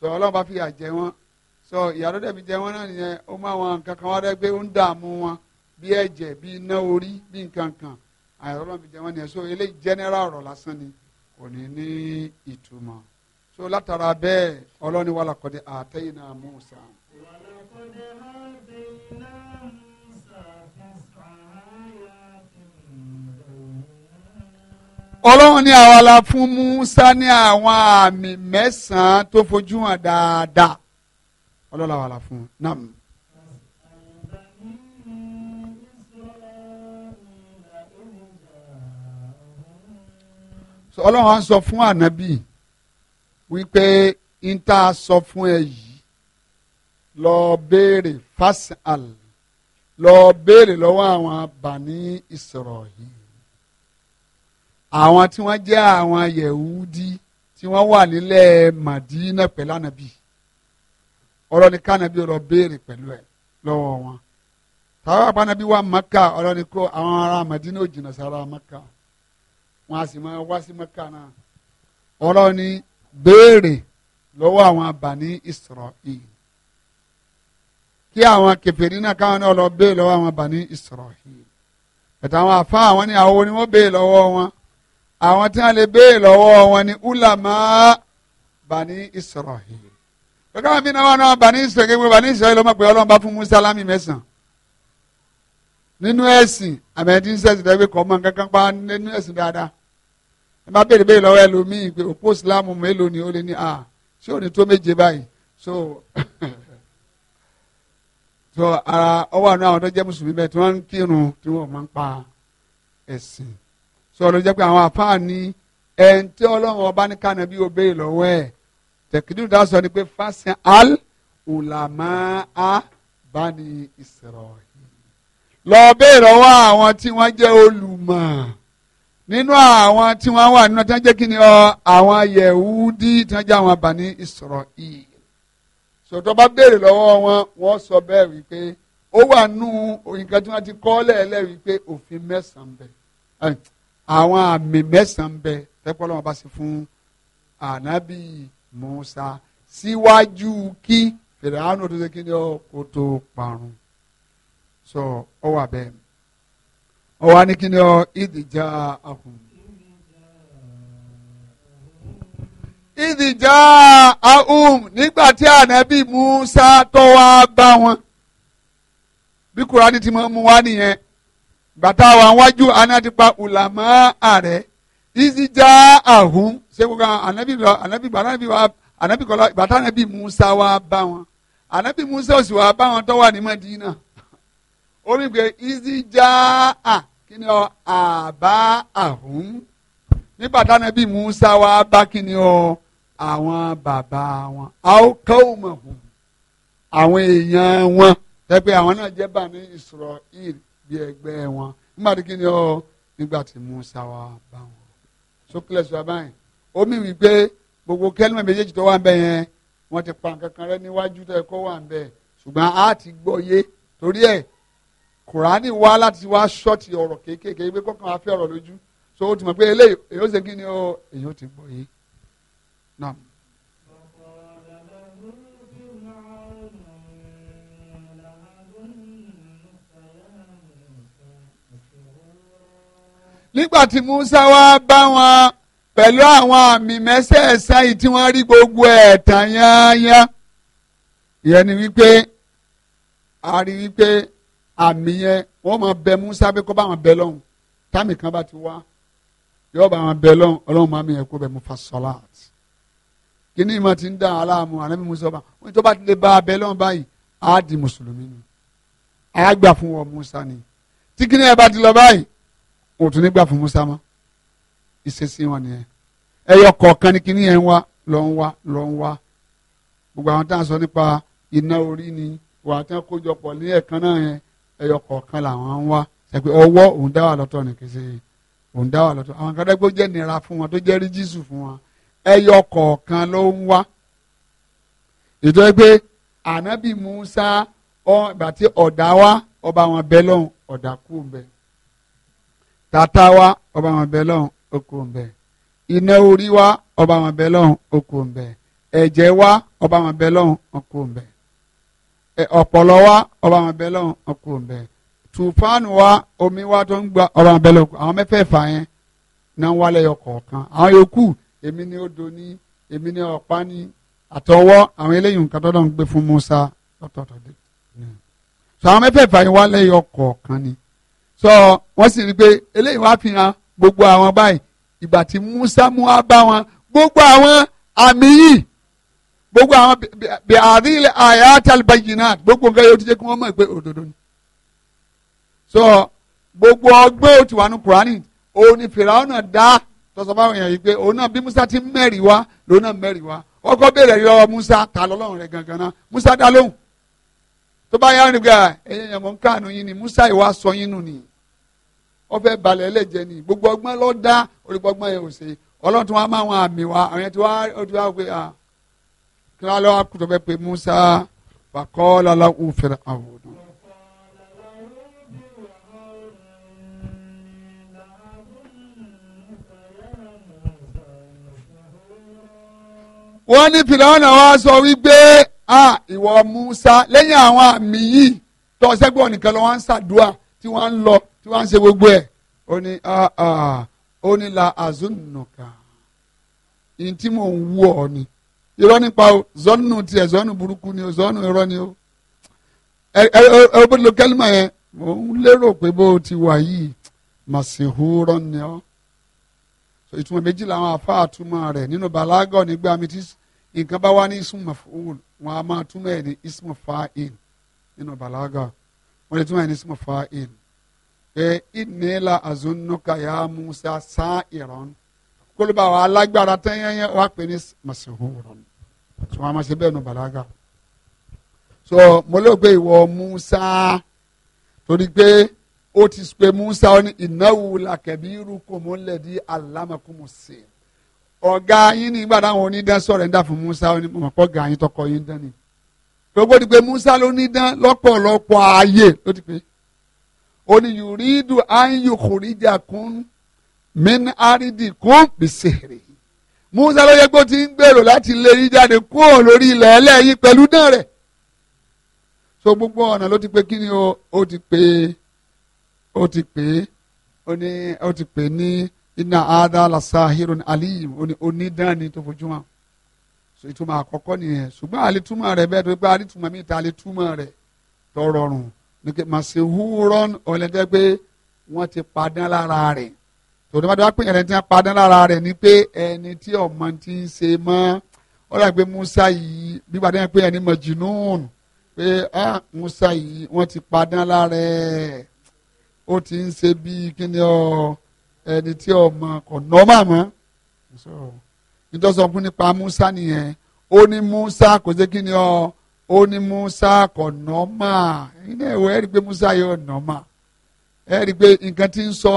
sọ ọlọ́run bá fìyà jẹ wọ́n sọ ìyà tó dẹ̀ fi jẹ wọ́n náà nìyẹn ó má wọn nǹkan kan wá tó pé ó ń dààmú wọn bí ẹ̀jẹ̀ bí iná orí bí nǹkan kan àyàwó ọlọ́run fi jẹ wọ́n nìyẹn so eléyìí general ọ̀rọ̀ lásán ni kò ní ní ìtumọ̀ so látara bẹ́ẹ̀ ọlọ́run wàlàkọ́dé àtẹ́yìn náà mú sàn ọlọ́run ní àwa la fún Musa ní àwọn àmì mẹ́sàn-án tó fojú hàn dáadáa ọlọ́run àwa la fún un náà. ọlọ́run á sọ fún ànábì wípé n ta sọ fún ẹ yìí lọ béèrè fásal lọ béèrè lọ́wọ́ àwọn bani Israeli àwọn tí wọ́n jẹ́ àwọn yẹ̀wúdí tí wọ́n wà nílẹ̀ màdínà pẹ̀lú ànàbì ọ̀rọ̀ ni kànàbì ọ̀rọ̀ béèrè pẹ̀lú ẹ̀ lọ́wọ́ wọn tàwọn àbánabi wà maka ọ̀rọ̀ ni kó àwọn ará màdínà ò sára maka wọn a sì máa wá sí maka náà ọ̀rọ̀ ni béèrè lọ́wọ́ àwọn abàní Israel kí àwọn kèfèrí náà káwọn náà lọ béèrè lọ́wọ́ àwọn abàní Israel pẹ̀tẹ́ àwọn àfa àwọn ni àwọn ni wọ́n béèrè lọ́wọ́ wọn àwọn tí wọ́n lè béè lọ́wọ́ wọn ni ulama bani Israel pẹ̀lú àwọn bíi náà náà bani Israel gbogbo bani Israel ló mọ̀ pé ọlọ́run bá fún Musa lámì mẹ́sàn-án nínú ẹ̀sìn àmẹ́tí sẹ́sìn dẹ́gbẹ́ kọ́ mọ́ nǹkan kan pa nínú ẹ̀sìn dáadáa ẹ bá béèrè béèrè lọ́wọ́ ẹlòmíì pé òpó ìsìlámù mélòó ni ó lé ní a ṣé ò ní tó méje báyìí so so ara ọwọ́ àná àwọn tó jẹ́ mùsùlùmí bẹ́ẹ̀ tí wọ́n ń kírun tí wọ́n máa ń pa ẹ̀sìn sọ̀rọ̀ jẹ́ pé àwọn àfáà ní ẹni tí ọlọ́run ọba ní kànáà bí obè lọ́wọ́ ẹ̀ tẹ̀kídùn dá sọ ni pé fásitì al ulama a bá ní Israel lọ béèrè ọwọ́ àwọn tí wọ́n jẹ́ olùmọ̀ nínú àwọn tí wọ́n wà nínú tí wọ́n jẹ́ kí ni ọ àwọn Yẹhudi tí wọ́n jẹ́ àwọn Bani Israel sọ̀tọ̀ bá béèrè lọ́wọ́ wọn wọ́n sọ bẹ́ẹ̀ wípé ó wà nù nǹkan tí wọ́n ti kọ́ lẹ́ẹ̀lẹ́ wípé òfin mẹ́sàn-án bẹ́ẹ̀ àwọn àmì mẹ́sàn-án bẹ tẹ́kọ́ lọ́wọ́ bá ṣe fún ànábì Musa síwájú kí fìdáhánù tó ṣe kí ni ó tó parun sọ ọ wà bẹ́ẹ̀ ọ wà ní kí ni ọ ìdìjà ahùn. ìdìjà ahùn nígbà tí ànábì Musa tó wá bá wọn bí Kùránì ti mọ́ mu wá nìyẹn gbàtà wà wájú anadipa ulama àrẹ ìsìjà àhún ṣé kò kan anabi lọ anabi anabi wa anabi kọlọ bàtà anabi musa wa bá wọn anabi musa ò sì wà bá wọn tọ́wọ́ ní madina ó ní pé ìsìjà à kí ni ọ àbá àhún nígbà tá anabi musa wa bá kí ni ọ àwọn bàbá wọn àwòkọ́wòmọ̀hún àwọn èèyàn wọn tẹ́pẹ́ àwọn náà jẹ́ bàmí Israel bí ẹgbẹ́ wọn nígbà tí kíni ọ nígbà tí Musa wá bá wọn sókèlè sọ abáyìn omi wípé gbogbo kẹlímọ méjèèjì tó wà ń bẹ yẹn wọ́n ti pa nǹkan kan rẹ níwájú tó yẹ kó wà ń bẹ ṣùgbọ́n a ti gbọ́ yé torí ẹ̀ kùránì wá láti wá ṣọ́ọ̀tì ọ̀rọ̀ kéékèèké pé kọ́kàn wá fẹ́ ọ̀rọ̀ lójú so ó ti mọ̀ pé eléyìí èyí ó ṣe kí ni èyí ó ti gbọ́ yé nígbà tí Musa wá bá wọn pẹ̀lú àwọn àmì mẹ́sẹ̀ẹ̀sá yìí tí wọ́n rí gbogbo ẹ̀ tàn yányá ìyẹn ni wípé a rí wípé àmì yẹn wọ́n máa bẹ Musa pé kó bá wọn bẹ lọ́hùn táàmì kan bá ti wá yóò bá wọn bẹ lọ́hùn ọlọ́run máa mi yẹn kó bẹ mo fa sọ́lá kíní ìmọ̀ ti ń dá aláàmú ànábì Musa bá wọn tó bá ti bá abẹ lọ́hùn báyìí á di mùsùlùmí ni á gbà fún wọn Musa ni tí kíní ẹ bá ti lọ báyìí wọn ò tún nígbà fún Musa mọ́ ìṣesí wọn nìyẹn ẹyọ kọ̀ọ̀kan ni kíní yẹn ń wá lọ ń wá lọ ń wá gbogbo àwọn tá à ń sọ nípa iná orí ni wà á tán kójọpọ̀ ní ẹ̀ẹ̀kan náà yẹn ẹyọ kọ̀ọ̀kan làwọn ń wá ẹgbẹ́ ọwọ́ òun dá wà lọ́tọ̀ ní kìsì òun dá wà lọ́tọ̀ àwọn akadẹ́gbẹ́ jẹ́ nira fún wọn tó jẹ́ rí fún wọn ẹyọ kọ̀ọ̀kan ló ń wá ètò ẹgbẹ́ ànábì Musa ọ̀ bàtí ọ̀dà wá ọba wọn bẹ́ lọ́hùn ọ̀dà kú bẹ́ẹ̀ tata wa ọba àwọn abẹ lọ́hùn okò ń bẹ iná orí wa ọba àwọn abẹ lọ́hùn okò ń bẹ ẹ̀jẹ̀ wa ọba àwọn abẹ lọ́hùn okò ń e, bẹ ọpọlọ wa ọba àwọn abẹ lọ́hùn okò ń bẹ wa omi wa tó ń gba ọba àwọn abẹ lọ́hùn àwọn mẹ́fẹ̀ẹ̀fà yẹn náà wálé ọkọ̀ọ̀kan àwọn yòókù èmi ni ó do ní èmi ni ọ̀pá ní àtọwọ́ àwọn eléyìí nǹkan tọ́lọ́ ń gbé fún Musa lọ́tọ̀ọ̀tọ̀ dé. sọ àwọn mẹ́fẹ̀ẹ̀fà yẹn wálé ọkọ̀ọ̀kan ni sọ wọ́n sì rí i pé eléyìí wá fi hàn gbogbo àwọn báyìí ìgbà tí Musa mú wa bá wọn gbogbo àwọn àmì yìí gbogbo àwọn bí àrí àyà talibayi náà gbogbo nǹkan yóò ti jẹ́ kí wọ́n mọ̀ pé òdodo ni. sọ gbogbo ọgbẹ́ òtún wa ní Kùránì òun ni Fìràwọ́n náà dá tọ́sọ̀ báwọn èèyàn yìí pé òun náà bí Musa ti mẹ́rìí wá lòun náà mẹ́rìí wá ọkọ béèrè lọ́wọ́ Musa ta lọ́lọ́run rẹ̀ gangan náà Musa dá lóhùn tó bá yára ah, nígbà ẹ̀yẹ̀ yẹn mọ̀ ń káànú yín ni Musa ìwà sọ yín nù nìyí ọfẹ́ balẹ̀ ẹlẹ́jẹ̀ ni gbogbo ọgbọ́n ló dá olùgbọ́gbọ́n yẹn ò ṣe ọlọ́run tí wọ́n máa wọn àmì wa àwọn yẹn tí wọ́n ti wá pé kí wọ́n lọ́wọ́ kùtọ́ bẹ́ẹ̀ pé Musa wàkọ́ lọ́la òfin àwọn. wọ́n ní fìlànà wa sọ wípé ìwọ Musa lẹ́yìn àwọn àmì yìí tọ́sẹ́gbọ̀n nìkan lọ́wọ́ ń ṣàdúrà tí wọ́n ń lọ tí wọ́n á ṣe gbogbo ẹ̀ ó ní ó ní la azunuka ní tí mò ń wú ọ ni irọ́ nípa o zọ́nù tiẹ̀ zọ́nù burúkú ni o zọ́nù irọ́ ni o ẹ ẹ ẹ bó lo kẹ́límà yẹn mò ń lérò pé bó o ti wà yìí màsíhúrọ́ ni ọ́ ìtumọ̀ méjì làwọn afa àtúmọ̀ rẹ̀ nínú balagọ́ nígbà mi tí nǹkan bá wá ní ismu wọn a máa túmọ̀ ẹ̀ ní ismu fa'il nínú balagọ́ wọn lè túmọ̀ ẹ̀ ní ismu fa'il pé ìnílà azunuka ya musa san ìrọ̀n kólúbà wa alágbára tẹ́yẹ́yẹ́ wa pè ní masihuron tí wọ́n á máa ṣe bẹ́ẹ̀ nù balaga so mọlẹ́gbé ìwọ musa torí pé ó ti pe musa ó ní ìnáwó làkẹ́bírú kò mọ́ lẹ́dí alámakùmù sí i ọ̀gá yín ní ìgbà táwọn onídán sọ̀rọ̀ ń dà fún musa ó ní mọ̀pọ̀ gà tọkọ yín dán ni gbogbo ti pé musa ló ní dán lọ́pọ̀lọpọ̀ ààyè ló ti pè ó ní yuridu an yukhrijakum min aridikum bisihri musa ló yẹ kó ti ń gbèrò láti lé yín jáde kúrò lórí ilẹ̀ ẹlẹ́yìn pẹ̀lú náà rẹ̀ so gbogbo ọ̀nà ló ti pé kí ni o ó ti pé ó ti pé ó ní ó ti pé ní iná ada lasahirun alim onídàáni tó fojú hàn so ìtumọ̀ àkọ́kọ́ nìyẹn ṣùgbọ́n àletúmọ̀ rẹ̀ bẹ́ẹ̀ tó pé àletúmọ̀ mi ta àletúmọ̀ rẹ̀ tó rọrùn nìkẹ́ màsíhúrọ́n ọ̀lẹ́dẹ́ pé wọ́n ti padán lára rẹ̀ tòun bá dáa pé ẹni tí wọ́n padán lára rẹ̀ ni pé ẹni tí ọmọ ti ń ṣe mọ́ ó dà pé Musa yìí bíbá dáa pé ẹni majnun pé ah Musa yìí wọ́n ti padán lára rẹ̀ ó ti ń ṣe bíi kí ni ọ ẹni tí ọmọ kò nọ́mà mọ́ nítorí sọ fún nípa Musa nìyẹn ó ní Musa kò sí kí ni ọ ó ní Musa kò nọ́mà iná ẹ̀wọ̀ ẹ̀ rí i pé Musa yóò nọ́mà ẹ̀ rí i nǹkan tí ń sọ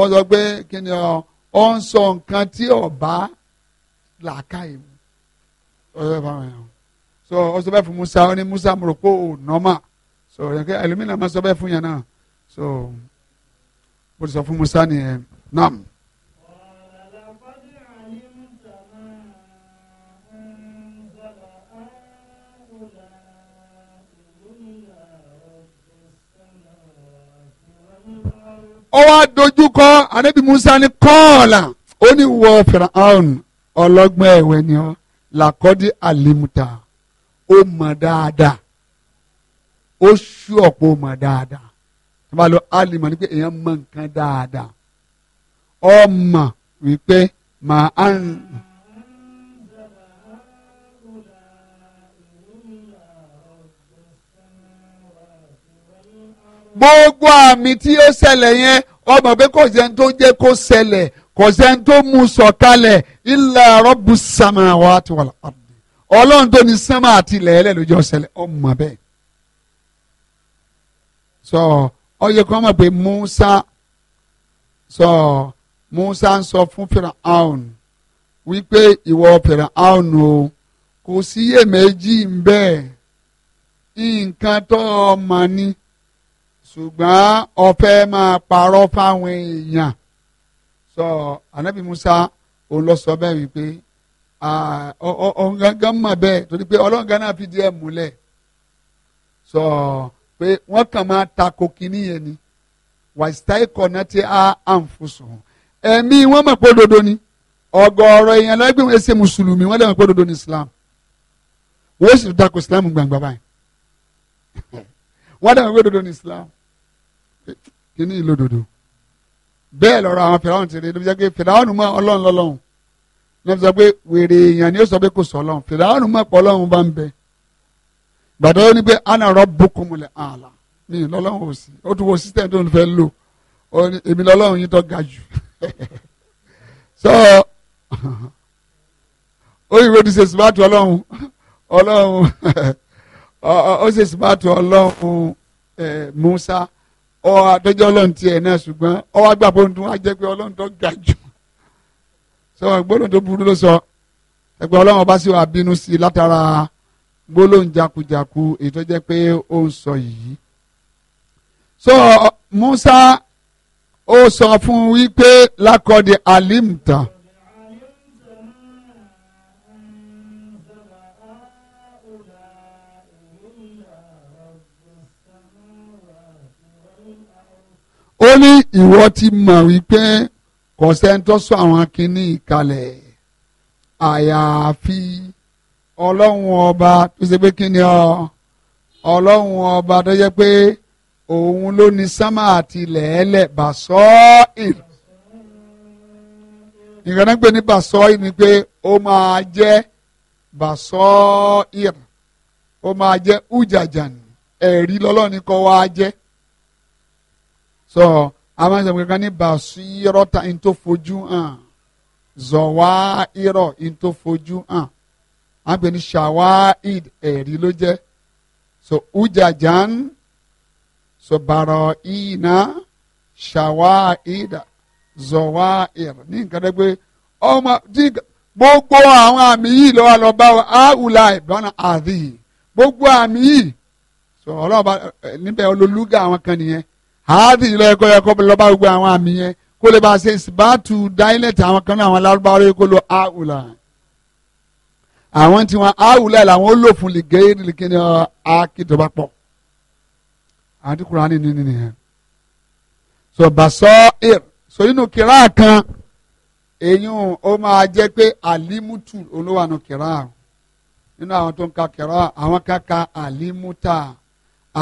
ọ sọ pé kí ni ọ ń sọ nǹkan tí ọba làákàyè mu ọ̀sọ̀ bá wọn yàn so ọ̀sọ̀ bẹ́ẹ̀ fún Musa ó ní Musa mo rò pé ò nọ́mà so ẹlòmíràn máa sọ bẹ́ẹ̀ fún yẹn náà so bó sọ fún Musa nìyẹn náà. ó wá dojúkọ anabi musa ní kọ́ọ̀là ó ní wọ firaun ọlọ́gbọ́n ẹ̀wẹ̀ ni ọ làkọ́dí àlèmùtà ó mọ̀ dáadáa ó ṣú ọ̀pọ̀ mọ̀ dáadáa tó bá lọ àlèmọ̀ ni pé èèyàn mọ̀ nǹkan dáadáa ọ mọ̀ wípé màá ń. gbogbo àmì tí ó ṣẹlẹ̀ yẹn ọmọ pé kò sẹ́ni tó jẹ́ kó ṣẹlẹ̀ kò sẹ́ni tó mú sọ̀kalẹ̀ illa rabbu samawati wal ardi ọlọ́run tó ní sánmà àti ilẹ̀ ẹlẹ́ lójó ṣẹlẹ̀ ọmọ bẹ́ẹ̀. sọ ọyẹ kan mọ̀ pé Musa sọ Musa ń sọ fún Firaun wípé ìwọ Firaun o kò síyèméjì ń bẹ́ẹ̀ nǹkan tó ọmọ ni ṣùgbọ́n ọ̀fẹ́ máa parọ́ fáwọn èèyàn sọ anabi musa òun lọ sọ bẹ́ẹ̀ wípé ọ̀hún gangan mọ̀ bẹ́ẹ̀ torí pé ọlọ́run náà fi díẹ̀ múlẹ̀ sọ pé wọ́n kàn máa takò kínní yẹn ni wàsítáì kọ̀nà tí a àǹfọ̀sùn ẹ̀mí wọ́n mọ̀ pé òdodo ni ọ̀gọ̀ọ̀rọ̀ èèyàn lọ́gbìn wọn ṣe mùsùlùmí wọ́n lè mọ̀ pé òdodo ni islam wọ́n sì takò islam gbangba báyìí wọ́n lè mọ̀ pé òdodo ni islam kíní ìlódodo bẹ́ẹ̀ lọ́rọ̀ àwọn fìràwọn ti rí ló fi jẹ́ pé fìràwọn mọ ọlọ́run lọ́lọ́run ló fi sọ pé wèrè èèyàn ni ó sọ pé kò sọ ọlọ́run fìràwọn mọ pọ̀ ọlọ́run bá ń bẹ gbàdọ́ ó pé ana rabbukumul a'la mi lọ́lọ́run ò sí ó tún wo system tó ń fẹ́ lò ó ní èmi lọ́lọ́run yín tó ga jù so ó yìí wọ́n ti ṣe sùmátù ọlọ́run ọlọ́run ó ṣe sùmátù ọlọ́run eh, Musa ọ àtọ́jọ́ ọlọ́run tiẹ̀ náà ṣùgbọ́n ọ wá gbà bóun tún wá jẹ́ pé ọlọ́run tó ga jù sọ gbólóhùn tó burú ló sọ ẹgbẹ́ ọlọ́run ọba sì wà bínú sí i látara gbólóhùn jakujaku èyí tó jẹ́ pé ó ń sọ yìí. sọ Musa ó sọ fún wípé lákọ̀ọ́dẹ alimta. So, ó ní ìwọ ti mọ̀ wípé kọ̀sẹ́ńtọ́sọ àwọn kìíní ìkalẹ̀ àyàfi ọlọ́run ọba tó ṣe pé kíni ọ ọlọ́run ọba tó jẹ́ pé òun ló ní sámà àti lẹ́ẹ̀lẹ̀ bàṣọ́ìn nǹkan náà pè ní bàṣọ́ìn ni pé ó máa jẹ́ bàṣọ́ìn ó máa jẹ́ ùjàjàn ẹ̀rí lọ́lọ́run kọ́ wá jẹ́ so a máa ń sọ pé kankan ní basirọ ta n tó fojú hàn ah. zọwá irọ n tó fojú hàn a ah. pè ní shawaid ẹ̀rí ló jẹ́ so ujajan so bàrọ̀ ìnà shawaid zọwá irọ ní nǹkan tó pé ọmọ gbogbo àwọn àmì yìí lọ́wọ́ lọ bá wa áwùlà ìbọnà àdìyí gbogbo àmì yìí so ọlọ́ọ̀bá eh, níbẹ̀ olólùgà àwọn kan nìyẹn háàdì ìlọ ẹ̀kọ́ ẹ̀kọ́ lọ́ba gbogbo àwọn àmì yẹn kó lè bá a ṣe ìsìbáàtú dáílẹ̀tì àwọn kan náà àwọn alárúbáwá yẹn kó lo áwùlà àwọn tí wọn áwùlà làwọn ó lò fún lìgẹ́yìn lìkẹ́ni akíndọ̀bá pọ̀ àti kúránì nínú nìyẹn so basọ́ ir so inú kìrá kan èyún ó máa jẹ́ pé alimutu olówànú kìrá nínú àwọn tó ń ka kìrá àwọn kan ka alimuta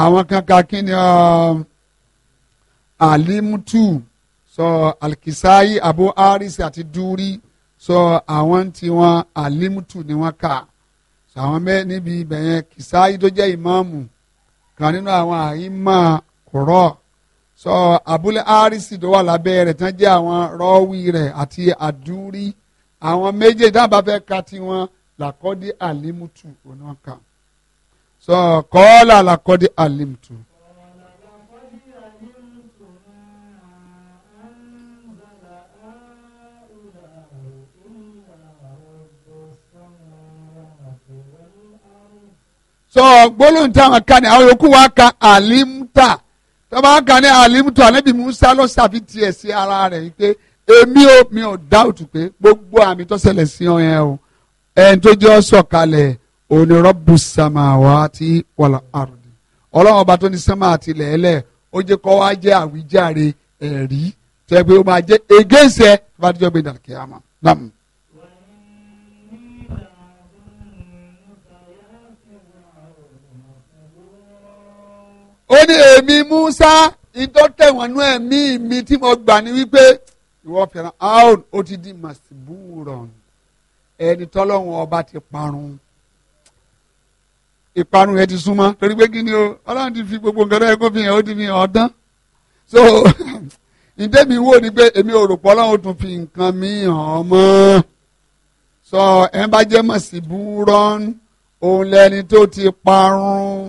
àwọn kan ka kí ni ọ́ọ́ alimutu sọ alikisai abu arisi àti duri sọ àwọn tiwọn alimutu ni wọ́n kà sọ àwọn bẹ́ẹ̀ níbi ibẹ̀ yẹn kisai tó jẹ́ ìmáàmù kan nínú àwọn àyínmá kúrọ̀ sọ abúlé arisi tó wa lábẹ́ rẹ̀ tán jẹ́ àwọn rọ́wì rẹ̀ àti àdúrí àwọn méjèèjì dábàá fẹ́ ka tiwọn làkọ́dí alimutu òun náà kà sọ kọ́ọ́lá làkọ́dí alimutu. sọ gbólóhùn táwọn ká ní àwọn yòókù wa ka àlímúta tó bá ka ní àlímúta ànábì Musa ló ṣàfi tiẹ̀ sí ara rẹ̀ pé èmi ò mi ò dáùtù pé gbogbo àmì tó ṣẹlẹ̀ sí ọ yẹn o ẹni tó jẹ́ sọ̀kalẹ̀ òní Rabbu samawati wal ardi ọlọ́run ọba tó ní sánmà àti lẹ́ẹ̀lẹ́ ó jẹ́ kọ́ wá jẹ́ àwíjàre ẹ̀rí tẹ́ pé ó máa jẹ́ egéṣẹ́ tó bá dijọ́ gbé dàkẹ́ àmọ́ náà. ó ní èmi Musa ìtọ́tẹ̀wọ̀n nú ẹ̀mí mi tí mo gbà ní wípé ìwọ fẹ́ràn aon ó ti di màsíbúrọ̀n ẹni tọ́lọ́wọ̀n ọba ti parun ìparun yẹn ti súnmọ́ torí pé kí ni o ọlọ́run ti fi gbogbo nǹkan náà kó fi hàn ó ti fi hàn ọ̀dán so ìdẹ́mi wò ni pé èmi ò rò pọ̀ ọlọ́run tún fi nǹkan mi hàn ọ́ mọ́ ẹ̀ ń bá jẹ́ màsíbúrọ̀n òun lẹni tó ti parun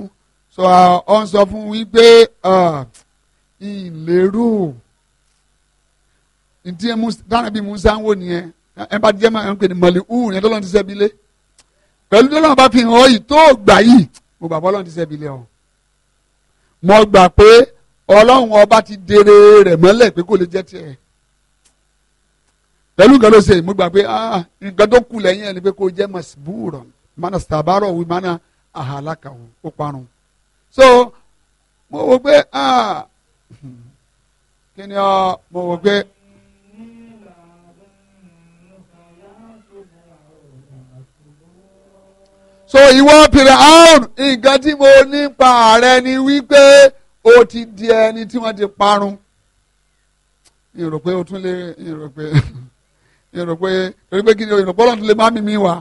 so ọ uh, ń sọ fún wípé uh, ìlérò ntí dáná bíi musa ń wò nìyẹn ẹ bá jẹ́ máa ń pè ní mọ̀lẹ́ uhu yẹn tọ́lọ́run ti sẹ́bi lé pẹ̀lú tọ́lọ́run bá fi hàn ọ́ yìí tó gbà yìí mo gbà bọ́lọ́run ti sẹ́bi lé ọ. mo gbà pé ọlọ́run ọba ti dèrè rẹ̀ mọ́lẹ̀ pé kò lè jẹ́ tiẹ̀ pẹ̀lú nǹkan ló ṣe mo gbà pé ah, nǹkan tó kù lẹ́yìn ẹ̀ ni pé kò jẹ́ mọ̀sibúrọ̀ mọ́nà sàbárọ̀ wí mọ́nà àhàlàkà ó parun so mo wò pé ah, kí ni ọ mo wò pé. so ìwọ piraun nǹkan tí mo nípa rẹ ni wípé o ti di ẹni tí wọ́n ti parun ìrò pé o tún lè ìrò pé ìrò pé torí pé kí ni ìrò pé Ọlọ́run tún lè má mímí wa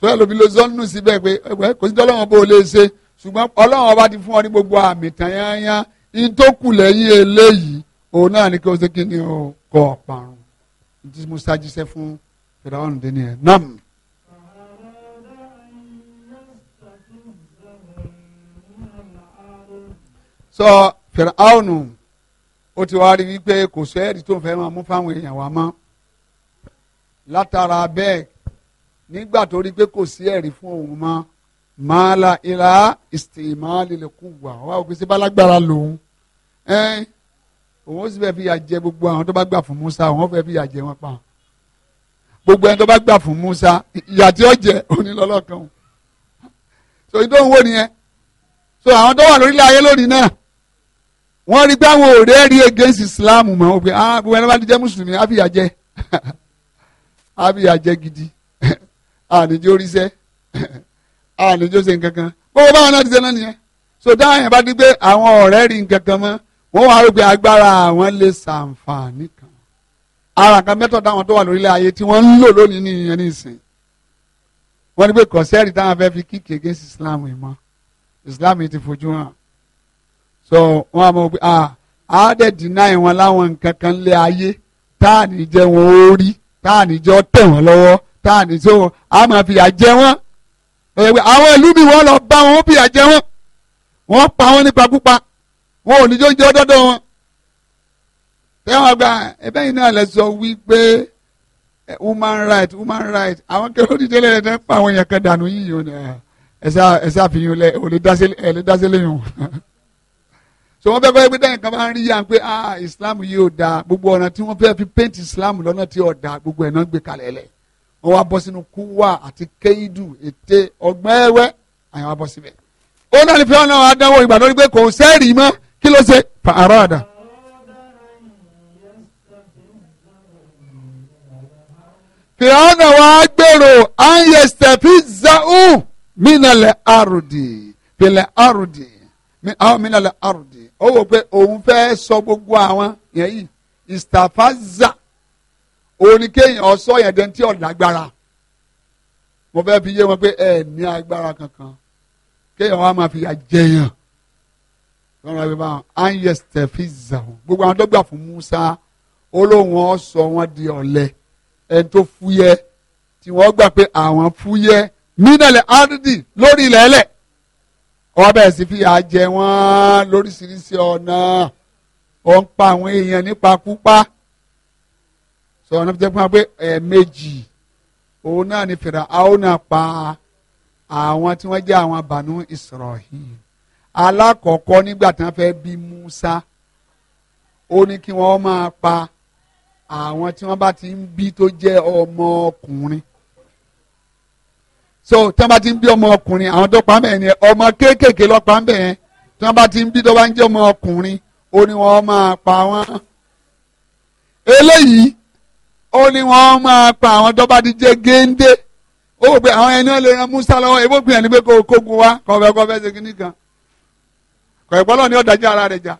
tó yẹ lóbi ló zọ́nù síbẹ̀ pé kò sí dọ́lọ́wọ́n bó o lè ṣe ṣùgbọ́n ọlọ́run ọba ti fún ọ ní gbogbo àmì tán yányán tó kù lẹ́yìn eléyìí òun náà ni kí o ṣe kí ni o kọ ọ̀parun tí mo ṣàjíṣẹ́ fún fìdáhùn dé nìyẹn nam. sọ fìdáhùn ó ti wá rí wípé kò sẹ́ẹ̀rì tó ń fẹ́ máa mú fáwọn èèyàn wá mọ́ látara bẹ́ẹ̀ nígbà tó rí pé kò sí ẹ̀rí fún òun mọ́ màálà ìlà ìsìnmáàlì lè kú wà wà òkè sí balagbara lòun ẹn òun sì fẹ́ fi yà jẹ gbogbo àwọn tó bá gbà fún Musa òun fẹ́ fi yà wọn pa gbogbo ẹni tó bá gbà fún Musa ìyà tí ó jẹ so ìdó ń wò nìyẹn so àwọn tó wà lórílẹ̀ ayé lónìí náà wọ́n rí pé àwọn òré rí against Islam mọ́ wọ́n ah gbogbo ẹni bá ti jẹ́ mùsùlùmí á fi gidi jẹ á fi a lè jó ṣe nǹkan kan gbogbo báwọn náà ti ṣe náà nìyẹn so dáhùn yẹn bá di pé àwọn ọ̀rẹ́ rí nǹkan kan mọ́ wọ́n wá rògbé agbára àwọn lè ṣàǹfààní kan ara nǹkan mẹ́tọ̀ dáwọn tó wà lórílẹ̀ ayé tí wọ́n ń lò lónìí nìyẹn nísìn wọ́n ní pé kọ̀sẹ́rì táwọn fẹ́ fi kíkì against Islam ìmọ̀ Islam ti fojú hàn so wọ́n á mọ̀ pé ah á dẹ̀ deny wọn láwọn nǹkan kan lé ayé táà ní jẹ́ wọn ó rí táà ní jẹ́ ọ tẹ̀ wọ́n lọ́wọ́ táà ní jẹ́ wọn á máa fìyà jẹ wọ́n ẹ̀wẹ̀ àwọn ìlú mi wọ́n lọ bá wọn bí àjẹ wọn wọ́n pa wọn nípa púpa wọn ò ní jó jẹ́ dọ́dọ̀ wọn. tẹ́wọ̀n àgbà ẹ̀bẹ́ yìí náà lè sọ wípé eh, human right human rights, àwọn kẹ́lọ́ ti tẹ́lẹ̀ ẹ̀ pa àwọn èèyàn kan dànù yìí yìí ah, ẹ̀sẹ̀ àfihàn lẹ̀ ò lè dásẹ́ lẹ́yìn o. so wọ́n fẹ́ kọ́ ẹgbẹ́ dáhùn kan máa ń rí yàn pé ah Islam yìí ò dáa gbogbo ọ̀nà tí wọ́n fẹ́ fi paint Islam lọ́nà tí ò dáa gbogbo ẹ̀ náà gbé kalẹ̀ lẹ̀ ó wá bọ́ sínú kúwà àti kéídù ète ọgbọ́n ẹ̀wẹ́ àyàn wá bọ́ síbẹ̀. ó náà ní fẹ́ràn náà adánwò ìgbà lórí pé kò sẹ́ẹ̀rì mọ́ kí ló ṣe pààrọ̀ àdá. fẹ́ràn náà wá gbèrò ayẹsẹ̀ fi mínàlẹ̀ àròdì pẹ̀lẹ̀ àròdì mínàlẹ̀ àròdì ó wò pé òun fẹ́ sọ gbogbo àwọn yẹn yìí ìstàfàzà òun ni kéèyàn sọ yẹn dẹ́ntì ọ̀lágbára mo fẹ́ fi yé wọn pé ẹ ní agbára kankan kéèyàn wá máa fi yà jẹyàn lọ́rùn ẹgbẹ́ bá wọn à ń yẹ stẹ̀fì zà wọn gbogbo àwọn tó gbà fún Musa olóhùn ọ wọn di ọ̀lẹ ẹni tó fúyẹ́ tí wọ́n gbà pé àwọn fúyẹ́ mínàlẹ̀ árdì lórí ilẹ̀ ẹlẹ̀ ọbẹ̀ sì fi yà jẹ wọ́n lóríṣiríṣi ọ̀nà ọ̀ pa àwọn èèyàn nípa púpá sọ wọn fi jẹ́ fún wa pé ẹ̀ẹ̀mejì òun náà ni fèrè àwọn náà pa àwọn tí wọ́n jẹ́ àwọn àbànú Israel alákọ̀ọ́kọ́ nígbà tí wọ́n fẹ́ bí Musa ó ní kí wọ́n máa pa àwọn tí wọ́n bá ti ń bí tó jẹ́ ọmọ so tí wọ́n bá ti ń bí ọmọ ọkùnrin àwọn tó pa mẹ́rin yẹn ọmọ kéékèèké ló pa mẹ́rin yẹn tí wọ́n bá ti ń bí tó bá ń jẹ́ ọmọ ó ní wọ́n máa pa wọ́n eléyìí ó ní wọ́n máa pa àwọn tó bá ti jẹ́ géńdé ó wò pé àwọn ẹni wọn lè ran Musa lọ́wọ́ èbó gbìyànjú pé kò kógun wá kọfẹ kọfẹ ṣe kínní kan kọ ìpọlọ ni ọdájú ara rẹ̀ jà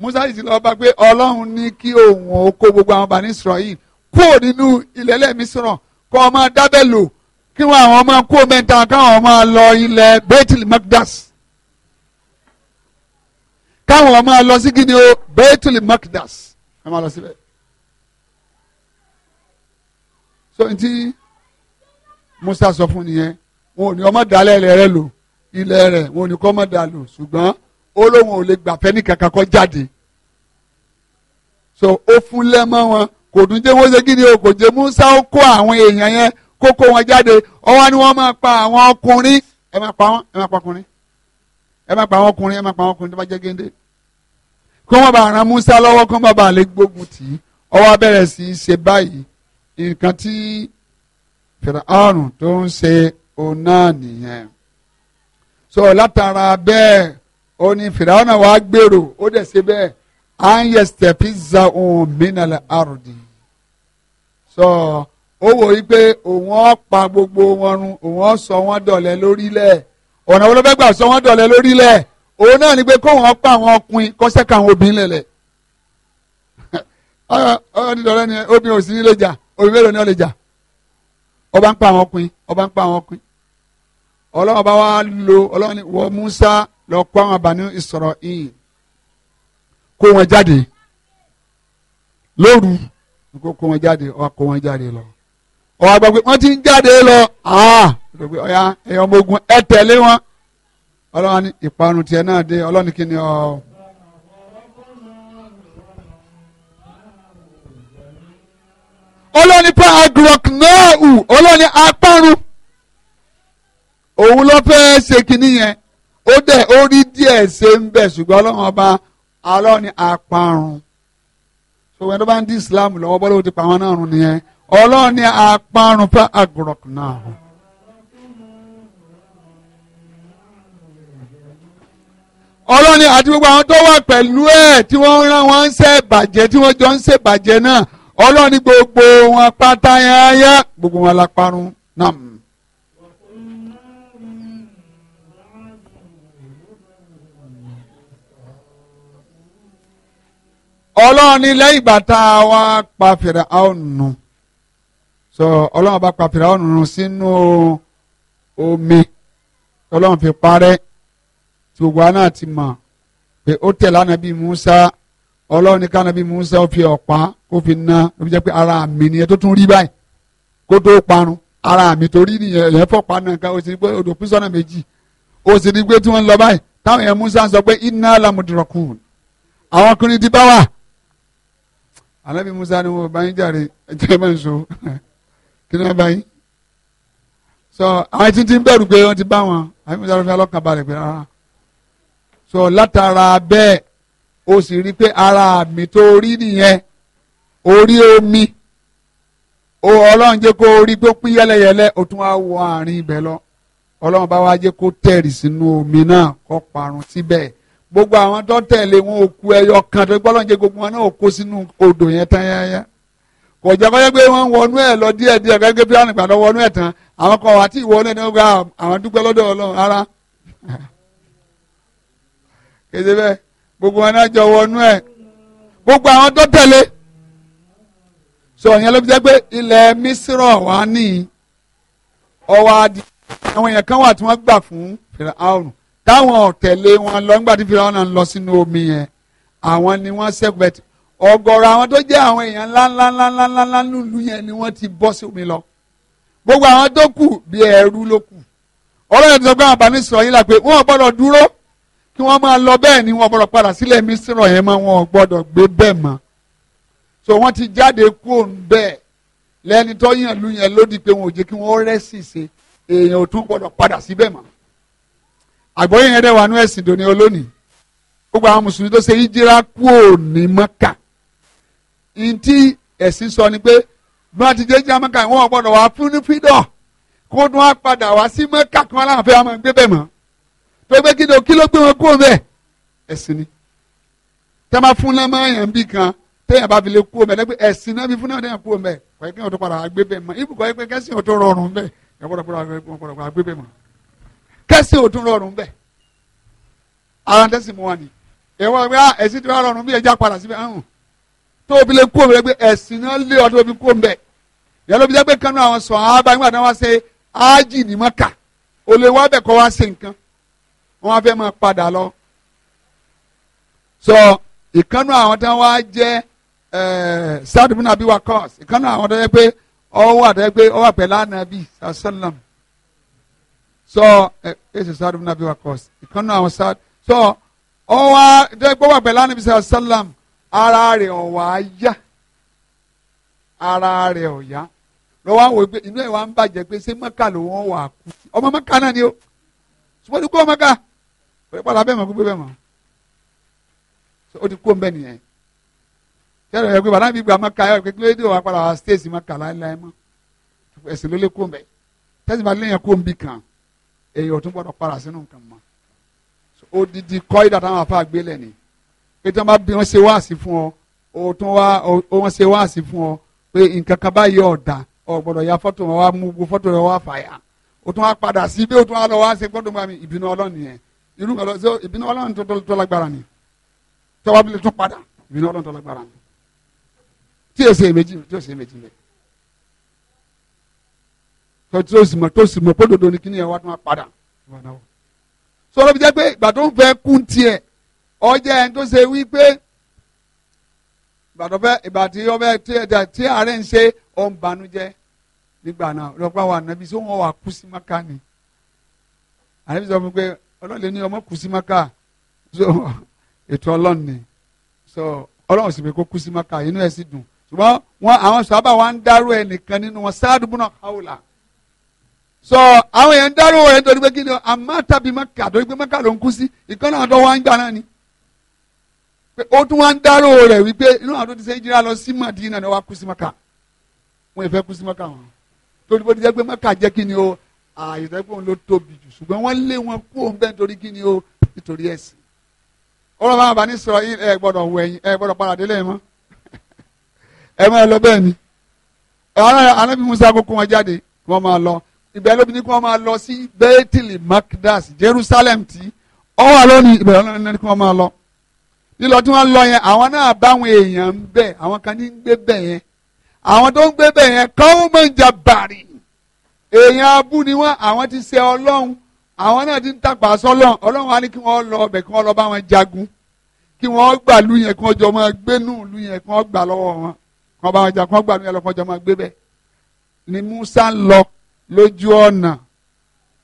Musa yìí ti lọ bá pé Ọlọ́run ní kí òun ó kó gbogbo àwọn bani Israel kúrò nínú ilẹ̀ lẹ́mí sọ̀rọ̀ kọ́ ọ máa dábẹ́ lò kí wọn àwọn máa kó mẹ́ta káwọn máa lọ ilẹ̀ Bethel Magdas káwọn máa lọ sí gíní o Bethel Magdas ẹ máa lọ síbẹ̀ so ntí Musa sọ fún nìyẹn wọn ò ní ọmọ dalẹ̀ ilẹ̀ rẹ lò ilẹ̀ rẹ wọn ò ní kọ́ ọmọ dà lò ó lóun ò lè gbà fẹ́ kankan kọ́ jáde so ó fún lẹ́mọ́ wọn kò dún jẹ́ wọ́n ṣe kí ni o kò jẹ́ Musa ó kó àwọn èèyàn yẹn kó kó wọn jáde ọwọ́ ni wọ́n máa pa àwọn ọkùnrin ẹ máa pa wọn ẹ máa pa ọkùnrin ẹ máa pa àwọn ọkùnrin ẹ máa pa àwọn ọkùnrin tó bá jẹ́ géńdé kó wọn bá ran Musa lọ́wọ́ kó wọn bá lè gbógun tì í ọwọ́ abẹ́rẹ́ sí í ṣe báyìí nǹkan tí fìràánù tó ń ṣe òun náà nìyẹn so látara bẹ́ẹ̀ ó ní fìràánù wàá gbèrò ó dẹ̀ ṣe bẹ́ẹ̀ à ń yẹ stẹ̀pì za ohun mìíràn àròdì so ó wò yí pé òun ó pa gbogbo wọn run òun ó sọ wọn dọ̀lẹ́ lórílẹ̀ ọ̀nà wo ló fẹ́ gbà sọ wọn dọ̀lẹ́ lórílẹ̀ òun náà ni pé kóun pa àwọn ọkùnrin kọ́sẹ́ka àwọn obìnrin lẹ̀lẹ̀ ọ̀ọ́ ọ̀ọ́ ti dọ̀lẹ́ ni obìnrin ò sí nílé jà omi mélòó ni ó lè jà ọba ń pa àwọn ọkùnrin ọba ń pa àwọn ọkùnrin ọlọ́run bá wá lo ọlọ́run ni wọ́n Musa lọ kó àwọn Banu Isra'il kó wọn jáde lóru kó kó wọn jáde ó wá kó wọn jáde lọ ó wá gbọ́ pé wọ́n ti ń jáde lọ ah! ọ̀ya ẹ̀yọ́ ogun ẹ tẹ̀lé wọn ọlọ́run ni ìparun tiẹ̀ náà dé ọlọ́run kí ni ọ̀ọ́. ọlọ́ni pa agrok náà hù ọlọ́ni apárun òun ló fẹ́ ṣe kinní yẹn ó dẹ̀ ó rí ṣe ń bẹ̀ ṣùgbọ́n ọlọ́run ọba ọlọ́ni apárun ṣùgbọ́n tó bá ń di Islam lọ́wọ́ bọ́lá ó ti pa àwọn náà run nìyẹn ọlọ́ni apárun pa agrok náà ọlọ́ni àti gbogbo wà pẹ̀lú ẹ̀ ọlọ́run ní gbogbo wọn pátá yányá gbogbo wọn la nam. náà. ọlọ́run ní lẹ́yìn ìgbà tá a wá pa fèrè àwọn nù sọ ọlọ́run bá pa fèrè àwọn nù sínú omi ọlọ́run fi parẹ́ tí gbogbo wa ti mọ̀ pé ó tẹ̀ lánàá bíi Musa ọlọ́run ní kánábí musa fi ọ̀pá ó fi ná ó fi jẹ́ pé ara mi nìyẹn tó tún rí báyìí kó tó parun ara mi torí nìyẹn yẹn fọ̀pá náà ká o sì ní pé odò pín sọ́nà méjì o sì ní pé tí wọ́n lọ báyìí táwọn yẹn musa sọ pé iná lamudurọ̀kùn àwọn ọkùnrin ti bá wà alábí musa ni wọn bá yín jàre ẹjẹ máa ń so kí ni wọn bá yín sọ àwọn etí ti ń bẹ̀rù pé wọ́n ti bá wọn àbí musa ló fi ọlọ́kàn balẹ̀ pé rárá sọ látara bẹ́ẹ̀ o sì rí i ara mi tó rí nìyẹn orí omi o ọlọ́run jẹ́ kó orí tó pín yẹ́lẹ́yẹ́lẹ́ o tún wá wọ àárín ibẹ̀ lọ ọlọ́run bá wá jẹ́ kó tẹ̀rì omi náà kó parun síbẹ̀ gbogbo àwọn tó tẹ̀lé wọn ò kú ẹyọ kan tó gbọ́dọ̀ jẹ́ gbogbo wọn náà ò kó sínú odò yẹn kò jẹ́ pé wọ́n wọnú ẹ̀ lọ díẹ̀ díẹ̀ wọnú ẹ̀ tán àwọn kan wà tí gbogbo wọn náà jọ wọnú ẹ̀ gbogbo àwọn tó tẹ̀lé sọ yẹn ló fi jẹ́ pé ilẹ̀ Mísírọ̀ wá ní ọwọ́ adi àwọn èèyàn kan wà tí wọ́n gbà fún Fíráúnù táwọn ọ̀tẹ̀lé wọn lọ tí Fíráúnù náà lọ sínú omi yẹn àwọn ni wọ́n sẹ́kùbẹ̀tì ọ̀gọ̀rọ̀ àwọn tó jẹ́ àwọn èèyàn ńláńláńláńláńlá lùlù yẹn ni wọ́n ti bọ́ sí omi lọ gbogbo àwọn tó kù bí ẹrú ló kù ọlọ́run ti yín là pé wọ́n gbọ́dọ̀ dúró kí wọ́n máa lọ bẹ́ẹ̀ ni wọ́n gbọ́dọ̀ padà sílẹ̀ mísírọ̀ yẹn mọ́ wọn gbọ́dọ̀ gbé bẹ́ẹ̀ mọ́ so wọ́n ti jáde kúrò bẹ́ẹ̀ lẹ́ni tó yàn lu yẹn lódì pé wọn ò jẹ́ kí wọ́n rẹ́sì ṣe èèyàn ò tún gbọ́dọ̀ padà síbẹ̀ mọ́ àgbọ̀yé yẹn dẹ̀ wà ní ẹ̀sìn dòní olónìí gbogbo àwọn mùsùlùmí tó ṣe yíjíra kúrò ní mọ́kà ntí ẹ̀sìn sọ ni pé bí wọ́n ti jẹ́ tó gbé kí ni o kí ló gbé wọn kúrò bẹ́ẹ̀ ẹ̀sìn ni tẹ́ máa fún náà máa yàn bí kan téèyàn bá fi lè kúrò bẹ́ẹ̀ lẹ́gbẹ̀ẹ́ ẹ̀sìn náà bí fún náà téèyàn kúrò bẹ́ẹ̀ kọ́ ẹ̀ kí wọ́n tó padà gbé bẹ́ẹ̀ mọ́ ibùkọ́ ẹ̀ pé kẹ́sìn ò tó rọrùn bẹ́ẹ̀ ẹ̀ gbọ́dọ̀ padà gbé bẹ́ẹ̀ mọ́ kẹ́sìn ò tó rọrùn bẹ́ẹ̀ ara tẹ́sìn mu wa ni ẹ̀ wọ́n pé ah, ẹ̀sìn tí rọrùn bí ẹja padà síbẹ̀ ahùn tó o fi lè kúrò bẹ́ẹ̀ ẹ̀sìn náà lé ọdún omi kúrò bẹ́ẹ̀ yẹn ló fi jẹ́ pé kánú àwọn sọ̀ wọ́n á fẹ́ máa padà lọ. sọ ìkànnù àwọn tí wọ́n wá jẹ́ sáàdù bínú àbí wa kọ́ọ̀sì ìkànnù àwọn tó yẹ pé ọwọ́ àtẹ́ pé ọwọ́ àpẹ̀lẹ́ ànábì sàṣẹ́lẹ̀m sọ èsì sáàdù bínú àbí wa kọ́ọ̀sì ìkànnù àwọn sáàdù sọ ọwọ́ àtẹ́ pé ọwọ́ àpẹ̀lẹ́ ànábì sàṣẹ́lẹ̀m ara rẹ̀ ọ̀wà yá ara rẹ̀ ọ̀yá lọ́wọ́ àwọn ìgbé inú ẹ̀ wá ń bàjẹ́ pé ṣé mọ́kà ló wọ́n wà kú ọmọ mọ́kà náà ni ó ṣùgbọ́n kó mọ́kà òye padà bẹ́ẹ̀ mọ̀ gbogbo bẹ́ẹ̀ mọ̀ ó ti kó ń bẹ́ẹ̀ nìyẹn yàrá ẹ̀ pé bàtà bí gbà má ka yàrá pé kílódé tí wàá padà wá stéèsì má kà láéláé mọ́ ẹ̀sìn ló lé kó ń bẹ̀ tẹ́sí bá léyìn kó ń bì kan èyí ò gbọ́dọ̀ padà sínú nǹkan mọ́ odidi kọ́ ìdá táwọn afá gbé lẹ́ni pé tí wọ́n bá bí wọ́n ṣe wáàsí fún ọ o tún wá wọ́n ṣe wáàsí fún ọ pé nǹkan kan báyìí ọ̀dà ọ̀ gbọ́dọ̀ ya fọ́tò wọn wá mú gbogbo fọ́tò wọn wá fàyà o wá padà sí bí o wá lọ wá ṣe gbọ́dọ̀ gbà mí ìbínú ọlọ́run irú kan lọ sí ìbínú ọlọ́run tó tó lágbára ni tọ́wọ́ bí lè tún padà ìbínú ọlọ́run tó lágbára ni tí èsè èméjì tí èsè èméjì lẹ tọ́tí ó sì mọ̀ tó sì mọ̀ pódodo ni kíni ẹ̀ wá tó máa padà sọlá bí jẹ́ pé ìgbà tó ń fẹ́ kú tiẹ̀ ọjà ẹ̀ tó ṣe wí pé ìgbà tó fẹ́ ìgbà tí ọbẹ̀ tí ẹ̀ tí àárẹ̀ ń ṣe ọ̀ ń banújẹ́ nígbà náà lọ́pọ̀ àwọn ànábi tí wà kú sí maka ni ànábi sọ fún pé ọlọ́run lè ní ọmọ kù sí maka so ètò ọlọ́run ni so ọlọ́run sì pé kó kú sí maka inú ẹ̀ sì dùn ṣùgbọ́n wọn àwọn sábà wa ń dárò ẹ̀ nìkan nínú wọn sáàdù bùnà hàwùlà so àwọn yẹn ń dárò ẹ̀ nítorí pé kí ni àmọ́ tàbí maka torí pé maka ló ń kú sí ìkànnì àwọn tó wá ń gbà náà ni pé ó tún wá ń dárò rẹ̀ wípé inú àwọn tó ti ṣe ìjìnlá lọ sí Madina ni wọ́n á sí maka wọn torí ààyè ah, ló tóbi jù ṣùgbọ́n wọ́n lé wọn kú òun bẹ́ẹ̀ kí ni o nítorí ẹ̀sìn ọlọ́run bá bá ní sọ yín ẹ gbọ́dọ̀ wọ ẹ̀yìn ẹ gbọ́dọ̀ mọ́ ẹ lọ bẹ́ẹ̀ ni anábì Musa kókó wọn jáde kí wọ́n máa lọ ìbẹ̀rẹ̀ lóbi makdas Jerusalem tí ọwọ́ àlọ́ni ìbẹ̀rẹ̀ lóbi kí wọ́n máa lọ èèyàn abú ni wọ́n àwọn ti ṣe ọlọ́run àwọn náà ti ń tàpá sọ́lọ́run ọlọ́run wa ní kí wọ́n lọ ọbẹ̀ kí wọ́n lọ bá wọn jagun kí wọ́n gbà lu yẹn kí wọ́n jọ máa gbé nù lu yẹn kí wọ́n gbà lọ́wọ́ wọn kí wọ́n bá wọn jà kí wọ́n gbà lu yẹn lọ kí wọ́n jọ máa gbé bẹ́ẹ̀ ni Musa ń lọ lójú ọ̀nà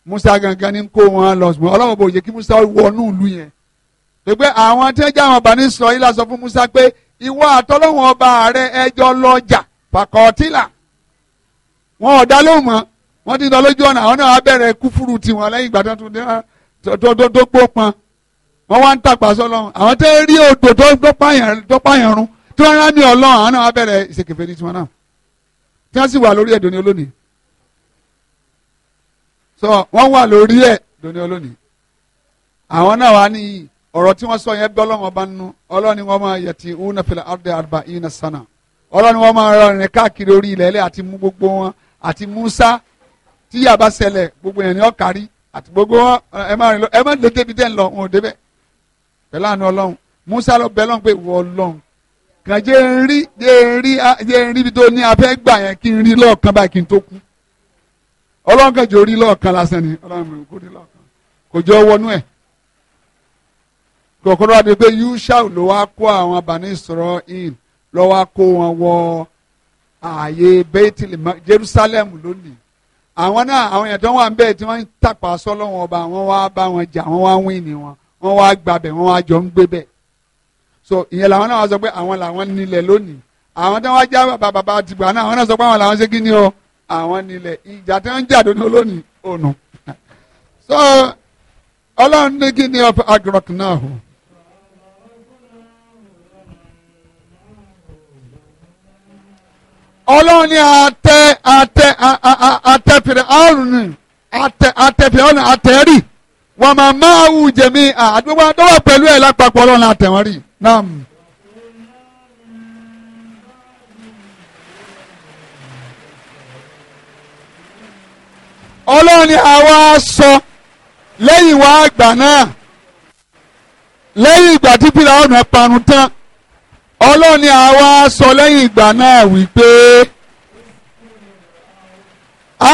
Musa gangan ni kó wọn lọ ṣùgbọ́n ọlọ́run bò yẹ kí Musa wọnú ìlú yẹn pé àwọn tí wọ́n já àwọn bàní sọ yìí la sọ fún Musa pé ìwọ àtọ́lọ́wọ́n ọba rẹ ẹjọ́ lọ́jà pàkọ́tìlà wọn ò dá lóhùn mọ́ wọ́n ti lọ lójú ọ̀nà àwọn náà á bẹ̀rẹ̀ kúfúrú tiwọn lẹ́yìn ìgbà tó tó gbópọn wọ́n wá ń tàgbà sọ́lọ́run àwọn tẹ́ rí odò tó pààyàn run tí wọ́n rán ní ọlọ́run àwọn náà á bẹ̀rẹ̀ ìṣèkèfé ní tiwọn náà tí wọ́n sì wà lórí ẹ̀ dòní olónìí sọ wọ́n wà lórí ẹ̀ dòní olónìí àwọn náà wà ní ọ̀rọ̀ tí wọ́n sọ yẹn bí ọlọ́run ọba nínú ọlọ́run ni wọ́n máa yẹ ti una fil ardi arba'ina sana ọlọ́run ni wọ́n máa rọrin káàkiri orí ilẹ̀ ẹlẹ́ àti mú gbogbo wọn àti Musa tí yà bá gbogbo yẹn ni ọ kárí àti gbogbo wọn ẹ má rìn lọ ẹ má lè débi tẹ́ ń lọ wọn ò débẹ̀ pẹ̀lú àánú ọlọ́run musa lọ bẹ lọ́n pé wọ ọlọ́run kàn jẹ́ ń rí jẹ́ ń rí jẹ́ ń rí ibi tó ní abẹ́ gbà yẹn kí n rí lọ́ọ̀kan báyìí kí n tó kú ọlọ́run kan jò rí lọ́ọ̀kan lásán ni ọlọ́run kò rí lọ́ọ̀kan kò jọ wọnú ẹ̀ kòkòrò àti pé yushau ló wá kó àwọn Bani Israel ló wá kó wọn wọ ààyè Baitil Jerusalem lónìí àwọn náà àwọn èèyàn tó wà ń bẹ́ẹ̀ tí wọ́n ń tàpá sọ́lọ́wọ́n ọba wọ́n wá bá wọn jà wọ́n wá wín ní wọn wọ́n wá gbàbẹ̀ wọ́n wá jọ ń gbé bẹ̀ so ìyẹn làwọn náà wá sọ pé àwọn làwọn nílẹ̀ lónìí àwọn tó wá já bàbá bàbá àtìgbà náà àwọn náà sọ pé àwọn làwọn ṣe kí ni o àwọn nílẹ̀ ìjà tó ń jà lónìí olónìí so ọlọ́run ní kí ni ọ̀pọ̀ agrọ̀k náà hù ọlọ́run ni atẹ atẹ atẹ pèrè ọrùn ni atẹ atẹ pèrè ọrùn atẹ́rì wà máa máa wù jẹ̀mí àdúgbò àdúgbò pẹ̀lú ẹ̀ lápapọ̀ ọlọ́run àtẹ̀wọ́n rí náà. ọlọ́run ni àwa sọ lẹ́yìn wá àgbà náà lẹ́yìn ìgbà tí pírà ọ̀nà parun tán ọlọ́run ni àwa sọ lẹ́yìn ìgbà náà wípé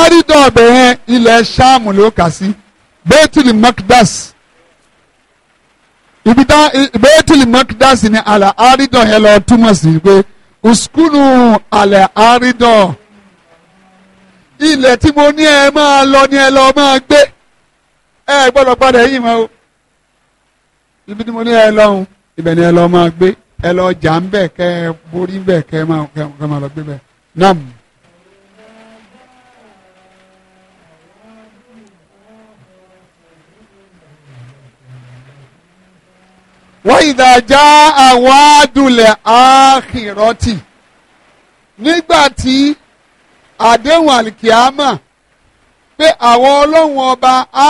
àrídọ̀ ọ̀bẹ yẹn ilẹ̀ ṣáàmù ló kà sí bẹ́tìlì mọ́kídàsì ibi tá bẹ́tìlì mọ́kídàsì ni àlẹ́ àrídọ̀ yẹn lọ túmọ̀ sí pé òsùkúlù àlẹ́ àrídọ̀ ilẹ̀ tí mo ní ẹ máa lọ ni ẹ lọ máa gbé ẹ gbọ́dọ̀ padà yìí mọ́ o ibi tí mo ní ẹ lọ́hùn ibẹ̀ ni ẹ lọ máa gbé ẹ lọ jà ń bẹ̀ kẹ́ ẹ borí bẹ̀ kẹ́ ẹ máa kẹ́ ẹ máa lọ gbé bẹ̀ nam. wọ́n ìdájà àwọn àdúlẹ̀ àkìrọ́tì nígbà tí àdéhùn àlìkíámà pé àwọn ọlọ́run ọba á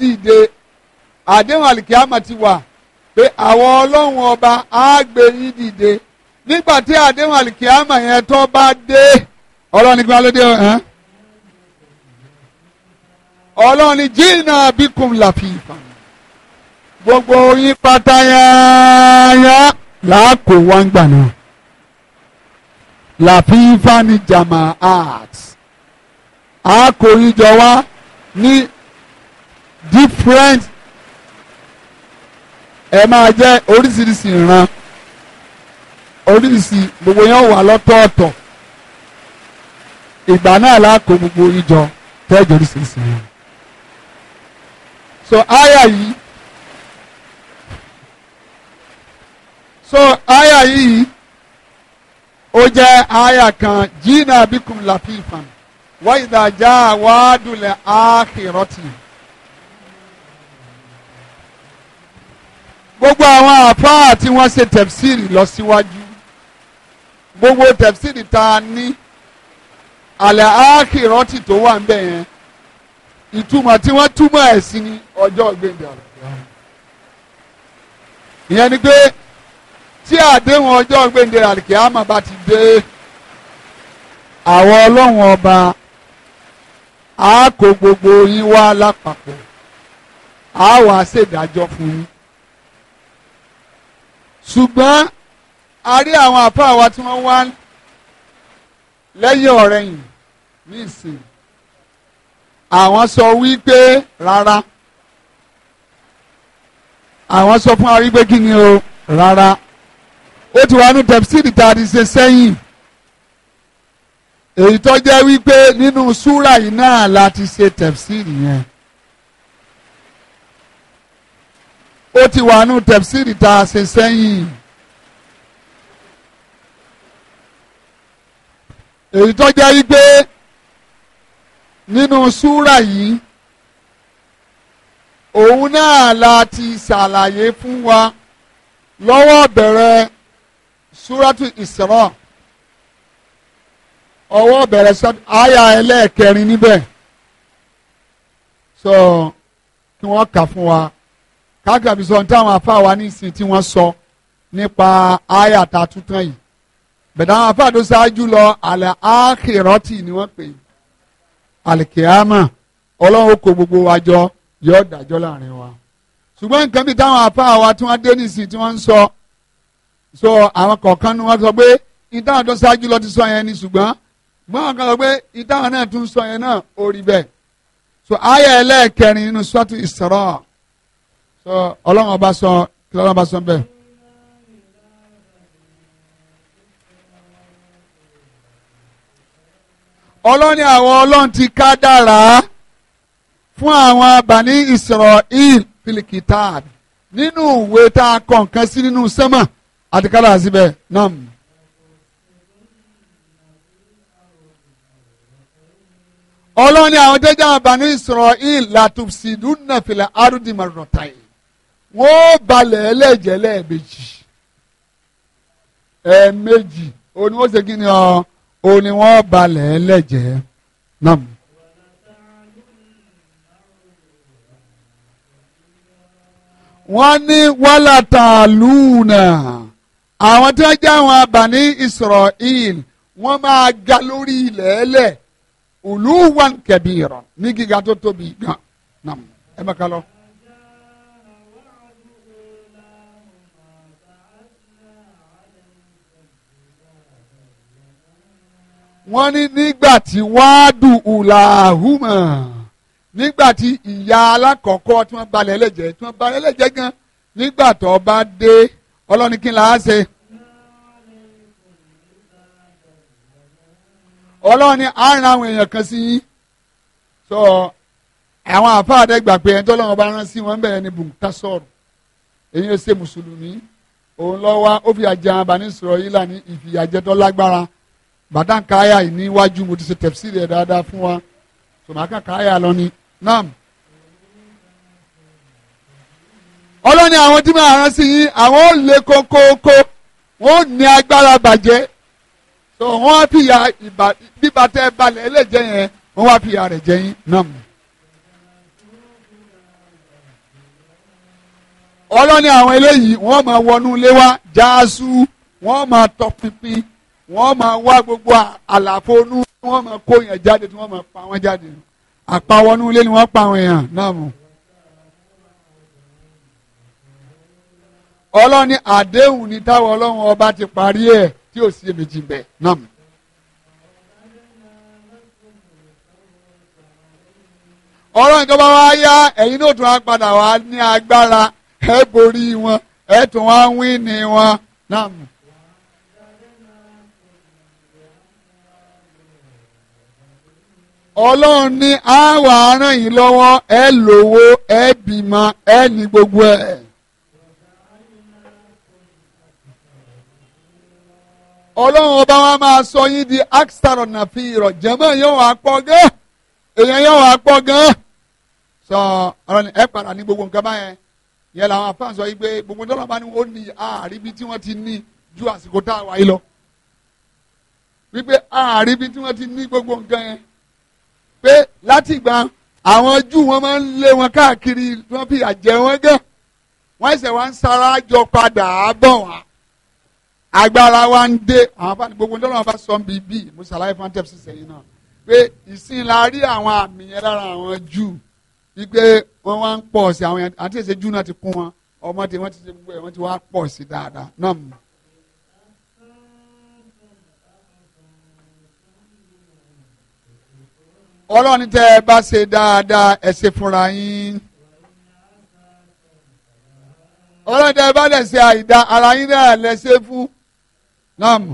dìde àdéhùn àlìkíámà ti wà pé àwọn ọlọ́run ọba á gbé yín dìde nígbà tí àdéhùn àlìkíyàmà yẹn tó bá dé ọlọ́run nígbà ló dé ọ̀hán ọlọ́run ní jìnnà bíkùn làfihàn gbogbo yín pátá yáyá làákò wá ń gbà náà làfihàn ní jàmà art àákò yín jọ wá ní different ẹ máa jẹ́ oríṣiríṣi ìran oríṣi gbogbo yẹn wà lọ́tọ̀ọ̀tọ̀ ìgbà náà láàkó gbogbo ìjọ tẹ́jọ oríṣiríṣi ìran. so aya yìí so aya yìí ó jẹ́ aya kan jìnnà bíkùn làfíìfàn wáyé ìdájà wàá dùn lẹ́ àkìrọ́tì. gbogbo àwọn àfáà tí wọ́n ṣe tẹ̀fsìrì lọ síwájú gbogbo tẹ̀fsìrì tá a ní àlẹ́ ákìrọ́tì tó wà ń bẹ̀ yẹn ìtumọ̀ tí wọ́n túmọ̀ ẹ̀ sí ní ọjọ́ gbẹ̀dẹ̀ ìyẹn ni pé tí àdéhùn ọjọ́ gbẹ̀dẹ̀ àlìkíyàmá bá ti dé àwọn ọlọ́run ọba á kó gbogbo yín wá lápapọ̀ á wàá ṣèdájọ́ fún yín ṣùgbọ́n a rí àwọn àpá wa tí wọ́n wá lẹ́yìn ọ̀rẹ́yìn ní ìsìn àwọn sọ wípé rárá àwọn sọ fún wa wípé kí ni o rárá ó ti wá ní tẹ̀síìdì tá a ti ṣe sẹ́yìn èyí tó jẹ́ wípé nínú súrà yìí náà la ti ṣe tẹ̀síìdì yẹn. ó ti wà nù tẹ̀síìrì tá a ṣe sẹ́yìn. èyí tó jẹ́ wípé nínú súrà yìí òun náà la ti ṣàlàyé fún wa lọ́wọ́ bẹ̀rẹ̀ súrátù Isra ọwọ́ bẹ̀rẹ̀ sọ́dọ̀ àyà ẹlẹ́ẹ̀kẹrin níbẹ̀ sọ kí wọ́n kà fún wa kágbà fi sọ táwọn afáwa nísìn tí wọ́n sọ nípa àyà tá a tún tán yìí bẹ̀dá àwọn afáà tó ṣáájú lọ àlẹ́ àkèrọ́tì ni wọ́n pè é àlìkèámà ọlọ́run kó gbogbo wa jọ yọ dájọ́ láàrin wa ṣùgbọ́n nǹkan bíi táwọn afáà wa tí wọ́n dé nísìn tí wọ́n ń sọ sọ àwọn kọ̀ọ̀kan ni wọ́n sọ pé ìtàn tó ṣáájú lọ ti sọ yẹn ni ṣùgbọ́n gbọ́n kan sọ pé ìtàn sọ ọlọ́run ọba sọ kí ọlọ́run ọba sọ bẹ́ẹ̀. ọlọ́ni àwọn ọlọ́run ti ká dára fún àwọn abàní Israel pilikitab nínú ìwé tá a kọ nǹkan sí nínú sẹ́mà àti kádà síbẹ̀ náà. ọlọ́ni àwọn jẹ́jẹ́ abàní Israel latubsidunna fil ardi marratayn wọ́n balẹ̀ ẹlẹ́jẹ̀ lẹ́ẹ̀mejì ẹ̀ẹ̀mejì òní wọ́n ṣe kí ni ọ òní wọ́n balẹ̀ ẹlẹ́jẹ̀ náà. wọ́n ní wàhálà tààlù náà àwọn tí wọ́n jẹ́ àwọn abàní Israel wọ́n máa ga lórí ilẹ̀ ẹlẹ́ òlùwàn kẹbìrán ní gíga tó tóbi gan náà ẹ má lọ. wọ́n ní nígbà tí wáàdù ùlàhùmọ̀ nígbà tí ìyá alákọ̀ọ́kọ́ tí wọ́n balẹ̀ ẹlẹ́jẹ̀ tí wọ́n balẹ̀ ẹlẹ́jẹ̀ gan nígbà tó bá dé ọlọ́ni kí n là á ṣe. ọlọ́ni á ran àwọn èèyàn kan sí yín sọ àwọn àfáàdé gbà pé ẹni tó lọ́wọ́ bá rán sí wọn bẹ̀rẹ̀ ni bùnkà sọ̀rọ̀ èyí ló ṣe mùsùlùmí òun lọ́wọ́ ó fi àjẹ àbánísọ̀rọ̀ yìí là ní ìfìyàjẹ tó lágbára bàdá nǹkan àyà yìí níwájú mo ti ṣe tẹ̀síìrì ẹ̀ dáadáa fún wa sọ̀màkà kan lọ ni nam. ọlọ́ni àwọn tí máa rán sí yín àwọn ò lè kókóókó wọn ò ní agbára bàjẹ́ tó wọn á fìyà bíba tẹ́ balẹ̀ ẹlẹ́jẹ̀ yẹn wọn wá fìyà rẹ̀ jẹ yín nam. ọlọ́ni àwọn eléyìí wọ́n máa wọnú ilé wa jáásù wọ́n máa tọpinpin wọ́n máa wá gbogbo àlàfo inú wọ́n máa kó yẹn jáde tí wọ́n máa pa wọ́n jáde àpawọ́nú ilé ni wọ́n pa àwọn èèyàn náà mú. ọlọ́ni àdéhùn ni táwọn ọlọ́run ọba ti parí ẹ̀ tí ò sí èmi jìnbẹ̀ náà mú. ọ̀rọ̀ ìjọba wa yá ẹ̀yin náà tún á padà wá ní agbára ẹ̀ borí wọn ẹ̀ tún wá wí ní wọn náà mú. ọlọ́run ní àwa aràn yìí lọ́wọ́ ẹ lówó ẹ bímọ ẹ ní gbogbo ẹ̀. ọlọ́run ọba wa máa sọ yín di aksaro nàfi ìrọ̀ jẹ́mọ́ yóò wá pọ̀ gan èèyàn yóò wá pọ̀ gan sọ ọ̀rọ̀ ni ẹ padà ní gbogbo nǹkan báyẹn yẹn làwọn afáàn sọ yìí pé gbogbo dọ́là bá ní ó ní àríbi tí wọ́n ti ní ju àsìkò tá a wáyé lọ wípé àríbi tí wọ́n ti ní gbogbo nǹkan yẹn pé láti gbà àwọn Júù wọn máa ń lé wọn káàkiri wọn fi àjẹ wọn gẹ wọn ṣe wọn ń sara jọ padà á bọ̀ wá agbára wa ń dé àwọn bá gbogbo nítorí wọn bá sọ bíi bíi musalaye fantep ṣiṣẹ yìí náà pé ìsìn àwọn àmì yẹn lára àwọn Júù wípé wọn wá ń pọ̀ sí àwọn yẹn àti èsè Júù náà ti kún wọn ọmọ tí wọn ti ṣe gbogbo ẹ̀ wọn ti wá pọ̀ sí dáadáa náà mú. ọlọ́run tẹ́ ẹ bá ṣe dáadáa ẹ ṣe fúnra yín ọlọ́run tẹ́ ẹ bá dẹ̀ ṣe àìda ara yín náà lẹ ṣe fún náàmù.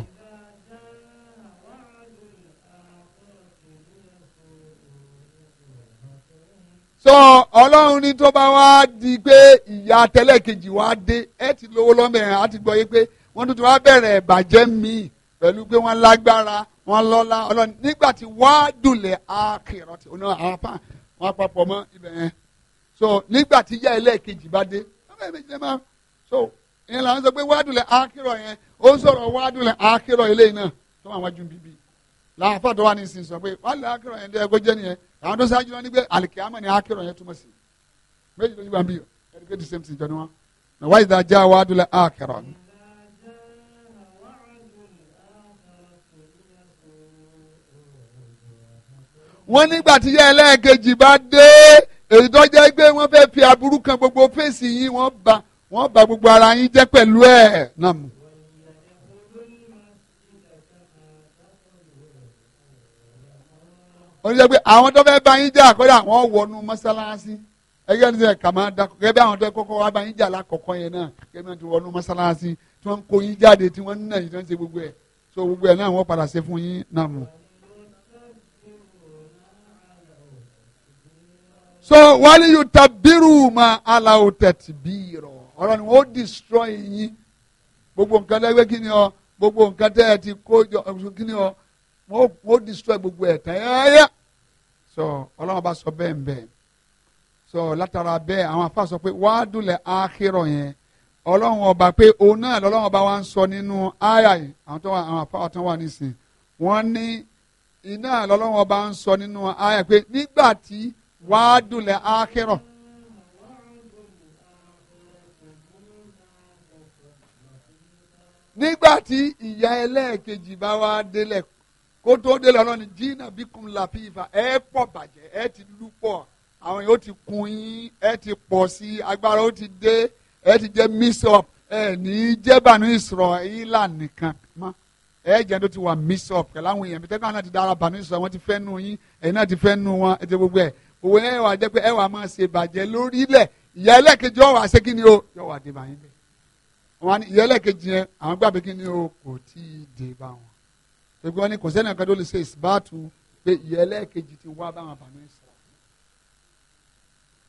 sọ ọlọ́run ní tó bá wá di pé ìyá tẹ́lẹ̀kejì wá dé ẹ ti lówó lọ́mọ ẹ̀ á ti gbọ́ yé pé wọ́n tuntun wá bẹ̀rẹ̀ ìbàjẹ́ mi pẹ̀lú pé wọ́n lágbára wọ́n lọ́lá ọlọ́ni nígbà tí wádùlẹ̀ àkèrọ̀ tí oní àwọn apá wọn àpapọ̀ mọ́ ibẹ̀ yẹn so nígbà tí yá ẹlẹ́ẹ̀kejì bá dé ọmọ ẹ̀mí jẹ́ máa so ìyẹn là ń sọ pé wádùlẹ̀ àkèrọ̀ yẹn ó ń sọ̀rọ̀ wádùlẹ̀ àkèrọ̀ eléyìí náà tó wà wájú bíbí làwọn apá tó wà ní ìsìn sọ pé wádùlẹ̀ àkèrọ̀ yẹn dẹ́ ẹgbẹ́ jẹ́ nìyẹn àwọn tó ṣáájú náà ní pé àlìkìyámọ̀ ni àkèrọ̀ yẹn túmọ̀ sí méjì tó ní wọ́n nígbà tí yẹ ẹlẹ́ẹ̀kejì bá dé èyí tó jẹ́ pé wọ́n fẹ́ fi aburú kan gbogbo fèsì yín wọ́n ba wọ́n ba gbogbo ara yín jẹ́ pẹ̀lú ẹ̀ náà mu. wọ́n jẹ́ pé àwọn tó fẹ́ bá yín jà kọ́dà wọ́n wọnú mọ́sálásí ẹgbẹ́ ní sẹ́ kàmá da kẹ́kẹ́ àwọn tó kọ́kọ́ wá bá yín jà lákọ̀ọ́kọ́ yẹn náà kẹ́kẹ́ wọ́n ti wọnú mọ́sálásí tí wọ́n ń kó yín jáde tí wọ́n ń nà yín tí wọ́n ń ṣe gbogbo ẹ̀ so gbogbo ẹ̀ náà wọ́n padà ṣe fún yín náà mu. so wali yu tabiru ma ala o tatbiro ọ̀rọ̀ ni wọ́n destroy yín gbogbo nǹkan lẹ́gbẹ́ kí ni ọ gbogbo nǹkan tẹ́ ẹ ti kó jọ kí ọ wọ́n destroy gbogbo ẹ̀ tán yáyá so ọlọ́run bá sọ bẹ́ẹ̀ bẹ́ẹ̀ so látara bẹ́ẹ̀ àwọn afa sọ pé wàá dùlẹ̀ áhírọ̀ yẹn ọlọ́run ọba pé òun náà lọ́lọ́run ọba wa ń sọ nínú àyà yìí àwọn tó wà àwọn afa tó wà nísìnyí wọ́n ní iná lọ́lọ́run ọba ń sọ nínú àyà pé nígbà tí wa'dul akhirah. nígbà tí ìyá ẹlẹ́ẹ̀kejì bá wá délẹ̀ kó tó délẹ̀ ọlọ́ni jìnnà bí kùn làfíìfà ẹ pọ̀ bàjẹ́ ẹ ti lú pọ̀ àwọn yóò ti kun yín ẹ ti pọ̀ sí agbára ó ti dé ẹ ti jẹ́ mix up ẹ ní jẹ́ ìsọ̀rọ̀ yín nìkan mọ́ ẹ jẹ́ tó ti wà mix up pẹ̀lú àwọn èèyàn náà ti dára bànú ìsọ̀rọ̀ wọn ti fẹ́ nu yín ẹ̀yin náà ti fẹ́ nu wọn ẹ ti gbogbo ẹ̀ òwe ẹ wà jẹ́ pé ẹ wà máa ṣe bàjẹ́ lórílẹ̀ ìyá ẹlẹ́kejì ọ̀wà ṣé kí ni o yọ wà dé báyìí bẹ́ẹ̀ wọn ni ìyá ẹlẹ́kejì yẹn àwọn gbà pé kí ni o kò tí ì dé bá wọn pẹ̀lú wọn ni kò sẹ́ni ọ̀kan tó lè ṣe ìsìbáàtú pé ìyá ẹlẹ́kejì ti wá báwọn bàmí sọ̀rọ̀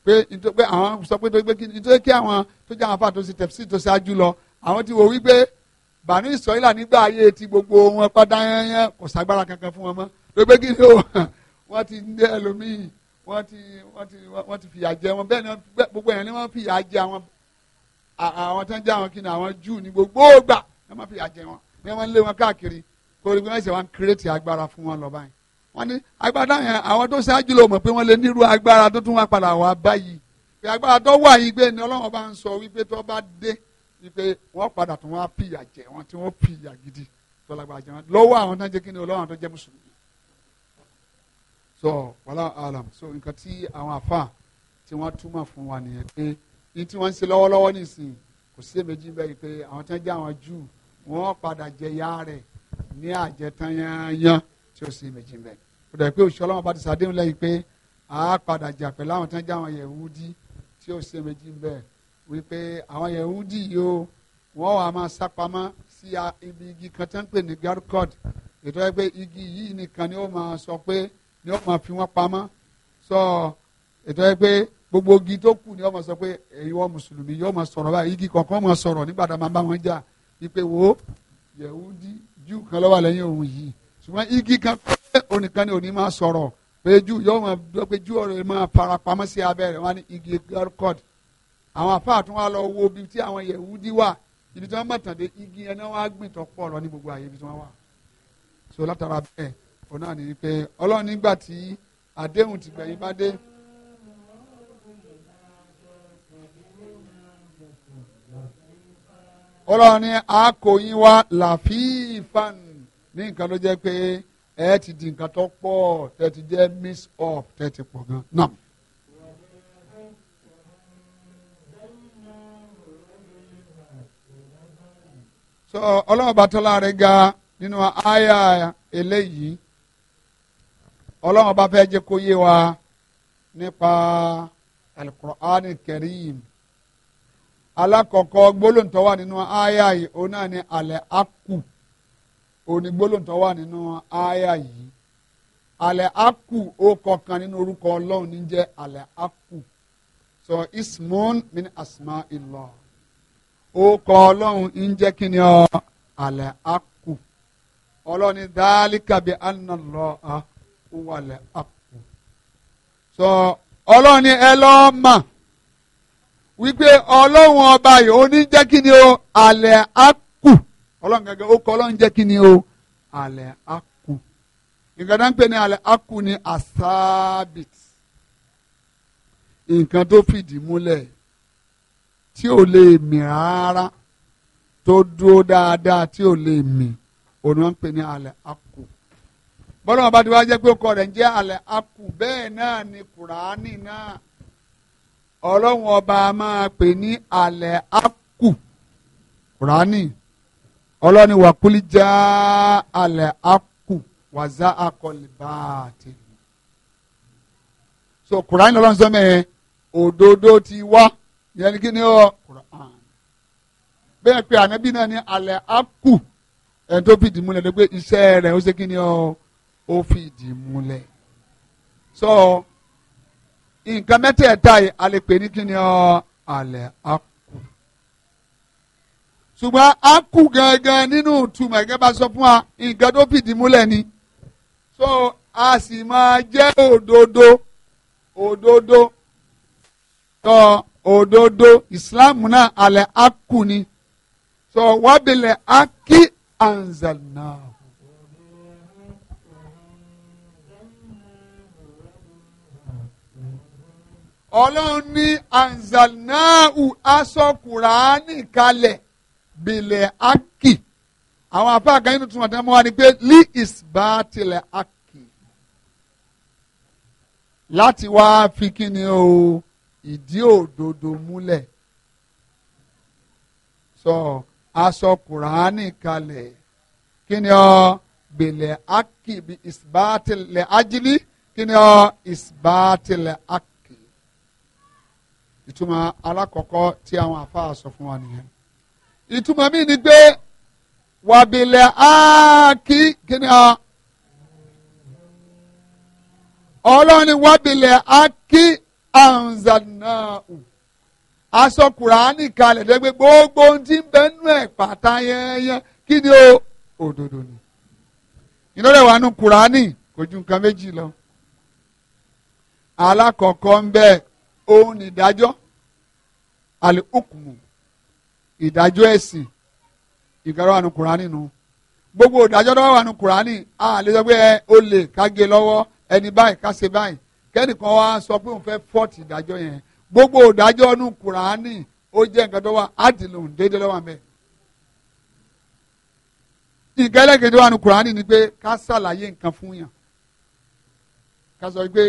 pé pé àwọn sọ pé pé kí nítorí kí àwọn tó jẹ́ àwọn afa tó ṣe tẹ̀sí tó ṣáájú lọ àwọn ti wò wípé bàmí ìsọ̀yìnlá nígbà ayé ti gbogbo wọn pátá yẹn kò ságbára kankan fún wọn mọ́ pé pé kí ni o wọ́n ti ní ẹlòmíì wọ́n ti wọ́n ti wọ́n ti fìyà jẹ wọn bẹ́ẹ̀ ni gbogbo yẹn ni wọ́n fìyà jẹ àwọn àwọn tó ń jẹ àwọn kìnnì àwọn jù ní gbogbo gbà wọ́n máa fìyà jẹ wọn ni wọ́n lé wọn káàkiri kórè bí wọ́n ṣe wọ́n kírètì agbára fún wọn lọ báyìí wọ́n ní agbára yẹn àwọn tó ṣáájú ló mọ̀ pé wọ́n lè nírú agbára tó tún wá padà wá báyìí pé agbára tó wà yìí gbé ni Ọlọ́run bá ń sọ wípé tó bá dé wípé wọ́n padà tún wá fìyà jẹ wọn tí wọ́n fìyà gidi tó lágbára jẹ wọn lọ́wọ́ àwọn tó ń jẹ́ kí ni Ọlọ́run tó so wàhálà alam so nǹkan tí àwọn afa tí wọ́n túmọ̀ fún wa nìyẹn pé ní tí wọ́n ń ṣe lọ́wọ́lọ́wọ́ nìsín kò sí èméjì bẹ́ẹ̀ pé àwọn tí wọ́n jẹ́ àwọn jù wọ́n padà jẹ ya rẹ̀ ní àjẹtányányán tí ó sì èméjì bẹ́ẹ̀ kò dẹ̀ pé òṣìṣẹ́ ọlọ́wọ́ ti sàdéhùn lẹ́yìn pé a padà jà pẹ̀lú àwọn tí jẹ́ àwọn yẹ̀wúdí tí ó sì èméjì bẹ́ẹ̀ wípé àwọn yẹ̀wúdí yóò wọ́n wà máa sápamọ́ sí ibi igi kan tí pè ní garcod ètò ẹgbẹ́ igi yìí nìkan ni ó máa sọ pé ni wọ́n máa fi wọ́n pamọ́ sọ ètò ẹ pé gbogbo igi tó kù ni wọ́n máa sọ pé èyí wọ́n mùsùlùmí yóò máa sọ̀rọ̀ báyìí igi kọ̀ọ̀kan máa sọ̀rọ̀ nígbà tá a máa bá wọn jà wípé wo yẹ̀wúdí jù kan ló lẹ́yìn òun yìí ṣùgbọ́n igi kan pé onìkan ni òní máa sọ̀rọ̀ pé jù yóò máa dọ́ pé jù ọ̀rẹ́ máa fara pamọ́ sí abẹ́rẹ́ wọn ni igi garcod àwọn afáà tún wá lọ wo ibi tí àwọn yẹ̀wúdí wà ibi tí wọ́n mọ̀tàn dé igi yẹn náà wá gbìn tó pọ̀ lọ ní gbogbo àyè ibi òun náà ní pé ọlọ́run nígbà tí àdéhùn ti gbẹ̀yìn bá dé. ọlọ́run ní akọ̀yìn wa làfíìfàn ní nǹkan ló jẹ́ pé ẹ ti di nǹkan tó pọ̀ ti jẹ́ mix up tẹ́ ti pọ̀ gan náà. so ọlọ́run bá tọ́lá rẹ̀ ga nínú àyà eléyìí ọlọ́run bá fẹ́ jẹ́ kó yé wa nípa alukur'an karim alakọ̀kọ́ gbólóǹtọ́ wà nínú àyà yìí òun náà ni alẹ́ akù ni gbólóǹtọ́ nínú àyà yìí alẹ́ akù ó nínú orúkọ ọlọ́run ní sọ ismun min asma ilọ ó kọ ọlọ́run ń jẹ́ kí ni ọ alẹ́ wàlẹ̀ àpò. sọ ọlọ́run ni ẹ lọ́ọ́ mà wípé ọlọ́run ọba yìí ó ní jẹ́ kí ni o àlẹ̀ àkù ọlọ́run gẹ́gẹ́ ó kọ́ ọlọ́run jẹ́ kí ni o àlẹ̀ àkù nǹkan tó ń pè ní àlẹ̀ àkù ni asábìt nǹkan tó fìdí múlẹ̀ tí ò lè mì rárá tó dúró dáadáa tí ò lè mì òun náà ń pè ní àlẹ̀ àkù bọ́lá wọn bá ti wá jẹ́ pé ó kọ rẹ̀ ń jẹ́ àlẹ́ akù bẹ́ẹ̀ náà ni kùránì náà ọlọ́run ọba máa pè ní àlẹ́ akù kùránì ọlọ́ni wàkúlí já àlẹ́ akù wàzá akọlìbáàtì. so kùránì lọ́lọ́run sọ mẹ́ẹ̀ òdodo ti wá yẹn ni kí ni ọ kùránì bẹ́ẹ̀ pé ànábì náà ní àlẹ́ akù ẹ̀ tó fìdí múlẹ̀ ló iṣẹ́ rẹ̀ ó ṣe kí ni ọ ó fìdí múlẹ̀ so nǹkan mẹ́tẹ̀ẹ̀ta yìí a lè pè ní kí ni ọ alẹ́ akú ṣùgbọ́n akú gangan nínú ìtumọ̀ ẹ̀gẹ́ bá sọ fún wa nǹkan tó fìdí múlẹ̀ ni so a sì máa jẹ́ òdodo òdodo tó òdodo Islam náà alẹ́ akú ni so wábìlẹ̀ akí anzal náà. ọlọ́run ní anzalnau aṣọ kùránì kalẹ̀ bìlẹ̀ ákì àwọn àbá kan nínú túmọ̀ tí wọ́n mú wa ni pé lí ìsbà tilẹ̀ ákì láti wá fi kíni o ìdí òdodo múlẹ̀ sọ aṣọ kùránì kalẹ̀ kíni ọ bìlẹ̀ ákì bí ìsbà tilẹ̀ ájílí kíni ọ ìsbà tilẹ̀ ákì ìtumọ̀ alákọ̀ọ́kọ́ tí àwọn àfáà sọ fún wa nìyẹn ìtumọ̀ mi ni pé wàbílẹ̀ áàkì kíni a ọlọ́run ni wàbílẹ̀ áàkì anzanahu aṣọ kùránì kalẹ̀ dẹ́gbẹ́ gbogbo ohun tí ń bẹ nú ẹ̀ pàtà yẹnyẹn kí o òdodo ni ìlọ́lẹ̀ wà nù kùránì kò ju nǹkan méjì lọ alákọ̀ọ́kọ́ ń bẹ́ẹ̀. òun ni ìdájọ́ àlè òkùnmù ìdájọ́ ẹ̀sìn ìgbàlọ́wọ́ àánú kùránì nu gbogbo ìdájọ́ tó wà kùránì a pé ẹ o lè kágé lọ́wọ́ ẹni báyìí ká báyìí kẹ́nìkan wá sọ pé òun fẹ́ fọ́ọ̀tì ìdájọ́ yẹn gbogbo ìdájọ́ nù kùránì ó jẹ́ nǹkan tó wà déédéé lọ́wọ́ àmẹ́. wà kùránì ni pé ká nǹkan fún yàn ká sọ pé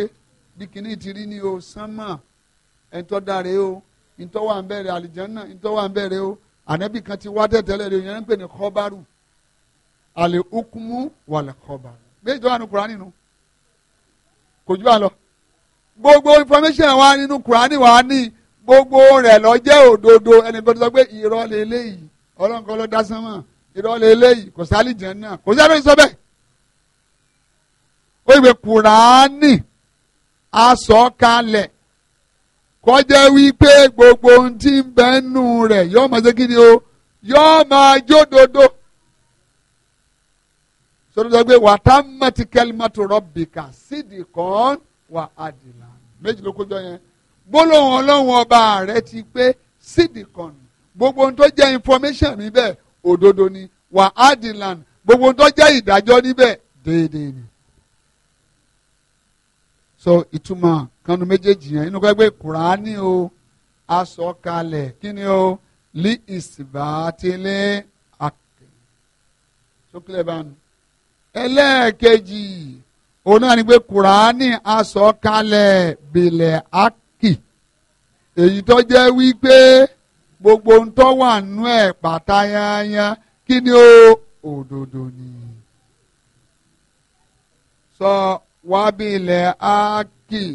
ti ẹ̀ńtọ́ dáre o ntọ́ wà ń bẹ̀rẹ̀ àlìjánná ntọ́ wà ń bẹ̀rẹ̀ o ànábì kan ti wá tẹ̀tẹ̀lẹ̀ rẹ̀ yẹn ń pè ní kọ́bárù àlè ukumu wà lẹ̀ kọ́bárù méjì tó wà ní kúránì nu kò ju àlọ́ gbogbo information wa nínú kúránì wa ní gbogbo rẹ̀ lọ jẹ́ òdodo ẹni tó sọ pé irọ́ lélẹ́yìí ọlọ́nkọ́ ló dá sánmà irọ́ kò sí àlìjánná kò sí àlọ́ ìsọ́bẹ̀ ó ìwé kúránì asọ̀kalẹ̀ kọjá wípé gbogbo ohun tí ń bẹ nù rẹ̀ yóò máa ṣe kí ni o yóò máa jódodo. sọ́dọ̀dọ̀ pé wàtá mẹ́tì kẹ́límọ́tò rọ́bìkà sídìí kan wà àdìlà méjì ló kójọ yẹn gbólóhùn ọlọ́run ọba rẹ̀ ti pé sídìí kan gbogbo ohun tó jẹ́ information níbẹ̀ òdodo ni wà àdìlà gbogbo ohun tó jẹ́ ìdájọ́ níbẹ̀ déédéé ni so ìtumọ̀ kanu méjèèjì yẹn inú gbẹgbẹ kùránì o asọ̀kalẹ̀ kí ni o lí ìsìbàtìlẹ àkè sókèlè bánu ẹlẹ́ẹ̀kejì òun náà ni pé kùránì asọ̀kalẹ̀ bìlẹ̀ àkì èyí tó jẹ́ wípé gbogbo ń tọ́ wà nú ẹ̀ pàtà yanyan kí o òdodo ni sọ. So, wabilẹ̀ áàkì.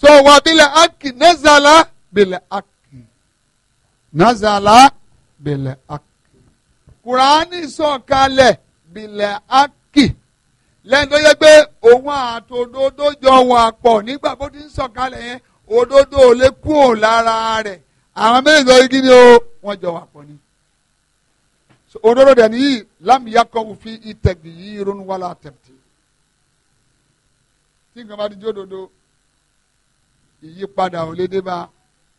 so wabilẹ̀ áàkì nazala bilẹ̀ áàkì nazala bilẹ̀ áàkì. kùránì sọ̀kalẹ̀ bilẹ̀ áàkì lẹ́yìn tó yẹ pé òun àtòdodo jọ wà pọ̀ nígbà bó ti ń sọ̀kalẹ̀ yẹn òdodo ò lè kú ò lára rẹ̀ àwọn méjì lọ igi ni ó wọ́n jọ wà pọ̀ ni so òdodo dẹ̀ nìyí lam yakọ̀wù fi ìtẹ̀gì yìí ronú wàlá tẹ̀tì tí di jó dodo ìyípadà ò lè dé bá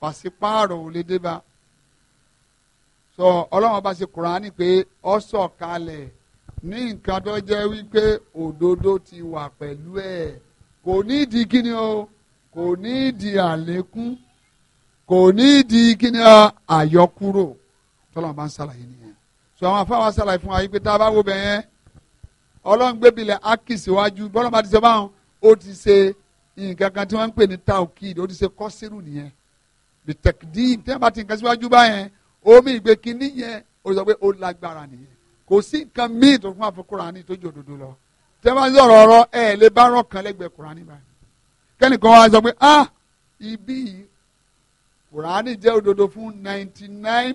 pàṣípààrọ̀ ò lè dé bá so ọlọ́run bá ṣe kùránì pé ó sọ̀kalẹ̀ ní nǹkan tó jẹ́ wípé òdodo ti wà pẹ̀lú ẹ̀ kò ní di kíni o kò ní di àlékún kò ní di kíni àyọkúrò tọ́lọ́run bá ń ṣàlàyé nìyẹn so àwọn afáwa ṣàlàyé fún wa yìí pé tá a bá wo bẹ̀ yẹn ọlọ́run gbé bilẹ̀ aki síwájú bọ́lá bá ti sọ báwọn ó ti ṣe nǹkan kan tí wọ́n ń pè ní taokid ó ti ṣe kọ́sírù nìyẹn bitekdi tí wọ́n bá ti nǹkan síwájú báyẹn omi ìgbé kínní yẹn ó sọ pé ó lágbára nìyẹn kò sí nǹkan míì tó fún àfikúnra ní tó jò dodo lọ tí wọ́n bá ń sọ̀rọ̀ ọ̀rọ̀ ẹ̀ lè bá rọ̀ kan lẹ́gbẹ̀ẹ́ kúránì báyìí kẹ́nìkan wá sọ pé ah ibi kúránì jẹ́ òdodo fún ninety nine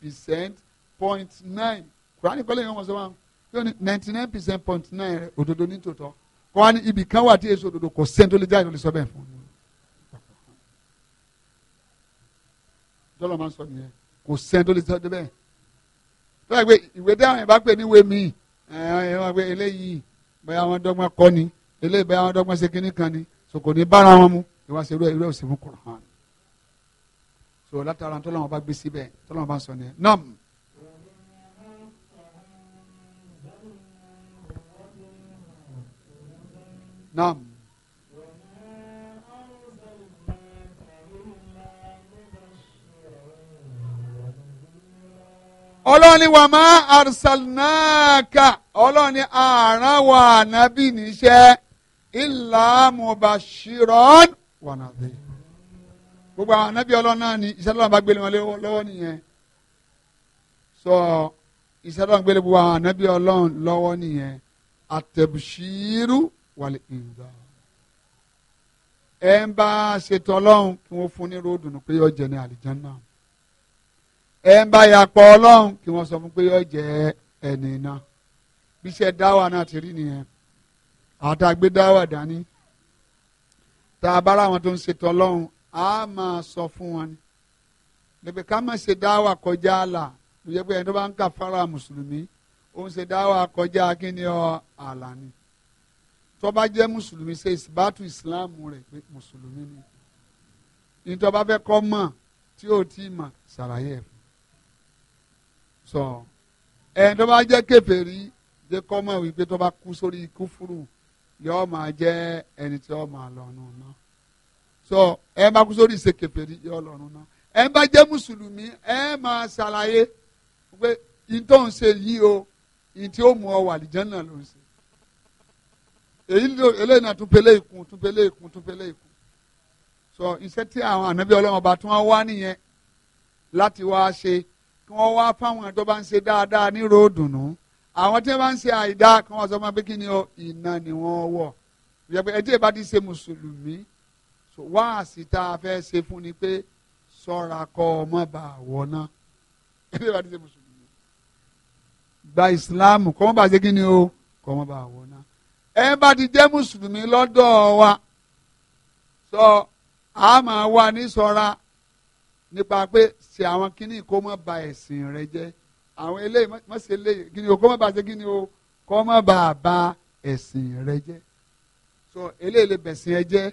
percent point nine kùránì kọ́lé yẹn wọ́n sọ wọn yóò ní ninety nine percent point nine rẹ òdodo ní tòótọ́ kọ́ wa ní ibì kan wà tí èso òdodo kò sẹ́ni tó lè jáde ló lè sọ bẹ́ẹ̀ fún un. tọ́lọ̀ máa ń sọ nìyẹn kò sẹ́ni tó lè sọ bẹ́ẹ̀ tó yà pé ìwé dáhùn yẹn bá pè ní ìwé mi ẹ̀ wọ́n pé eléyìí bẹ́ẹ̀ àwọn dọ́gbọ́n kọ́ ni eléyìí bẹ́ẹ̀ àwọn dọ́gbọ́n ṣe kínní kan ni so kò ní bára wọn mu ìwà ṣe irú ẹ̀ irú ẹ̀ ò sì fún Kùránì so látara tọ́lọ̀ wọn bá gbé síbẹ̀ tọ́lọ̀ wọn bá ń sọ nìyẹn nam. نعم ọlọ́ni wa máa arsalnaka ọlọ́ni àárán wa nàbí níṣẹ́ ìlà mubashiron wa nadhir gbogbo àwọn anábì ọlọ́run náà ni iṣẹ́ lọ́wọ́ bá gbélé wọn lọ́wọ́ nìyẹn sọ iṣẹ́ lọ́wọ́ gbélé gbogbo àwọn anábì ọlọ́run lọ́wọ́ nìyẹn àtẹ̀bùsírù wálé ìgbà ẹ ń bá ṣètò ọlọ́run kí wọ́n fún ní ròdùnú pé yóò jẹ ní àlìjánná ẹ ń bá yàpọ̀ ọlọ́run kí wọ́n sọ fún pé yóò jẹ ẹni iná bí iṣẹ́ dáwà náà ti rí nìyẹn àtàgbé dáwà dání tá a bára àwọn tó ń ṣètò ọlọ́run á máa sọ fún wọn ni ká má ṣe dáwà kọjá àlà ló pé ẹni tó bá ń kà fara mùsùlùmí ó ń ṣe dáwà kọjá kí ni ọ àlà tó bá jẹ́ mùsùlùmí ṣe ìsìbátù ìsìláàmù rẹ̀ pé mùsùlùmí ni ní tó bá fẹ́ kọ́ mọ̀ tí ò tí ì mọ̀ ṣàlàyé ẹ̀ sọ ẹni tó bá jẹ́ kèfèrí jẹ́ kọ́ mọ̀ wípé tó bá kú sórí kúfúrú yóò máa jẹ́ ẹni tí yóò máa lọ nù náà sọ ẹ bá kú sórí ìṣe kèfèrí yóò lọ nù náà ẹ bá jẹ́ mùsùlùmí ẹ máa ṣàlàyé pé ìtọ́ ń ṣe yìí o ìtí ó mú ọ wà lìjẹ́ náà ló ń ṣe èyí ló eléyìí náà tún pélé ikùn tún pélé ikùn tún pélé ikùn sọ iṣẹ́ tí àwọn ànábì ọlọ́mọba tí wọ́n wá nìyẹn láti wá ṣe kí wọ́n wá fáwọn tó bá ń ṣe dáadáa ní ròdùnú àwọn tí wọ́n bá ń ṣe àìdá kí wọ́n sọ ma pé ni o iná ni wọ́n wọ̀ ìyàgbẹ́ ẹtí ìbá ti ṣe mùsùlùmí wáàsí tá a fẹ́ ṣe fún ni pé sọ́ra kọ́ ọmọ bá wọ̀ náà ẹtí ìbá ti ṣe mùsùlùmí gba ìsìláàmù kọ́ ọmọ bá ṣe kí ni o kọ́ ọmọ bá wọ̀ náà ẹ bá ti jẹ́ mùsùlùmí lọ́dọ̀ wa sọ a máa wà ní ṣọ́ra nípa pé ṣe àwọn kíní kó má ba ẹ̀sìn rẹ jẹ́ àwọn eléyìí má ṣe eléyìí kíní o kó má ba ṣe kíní o kó má ba ba ẹ̀sìn rẹ jẹ́ sọ eléyìí lè bẹ̀sìn ẹ jẹ́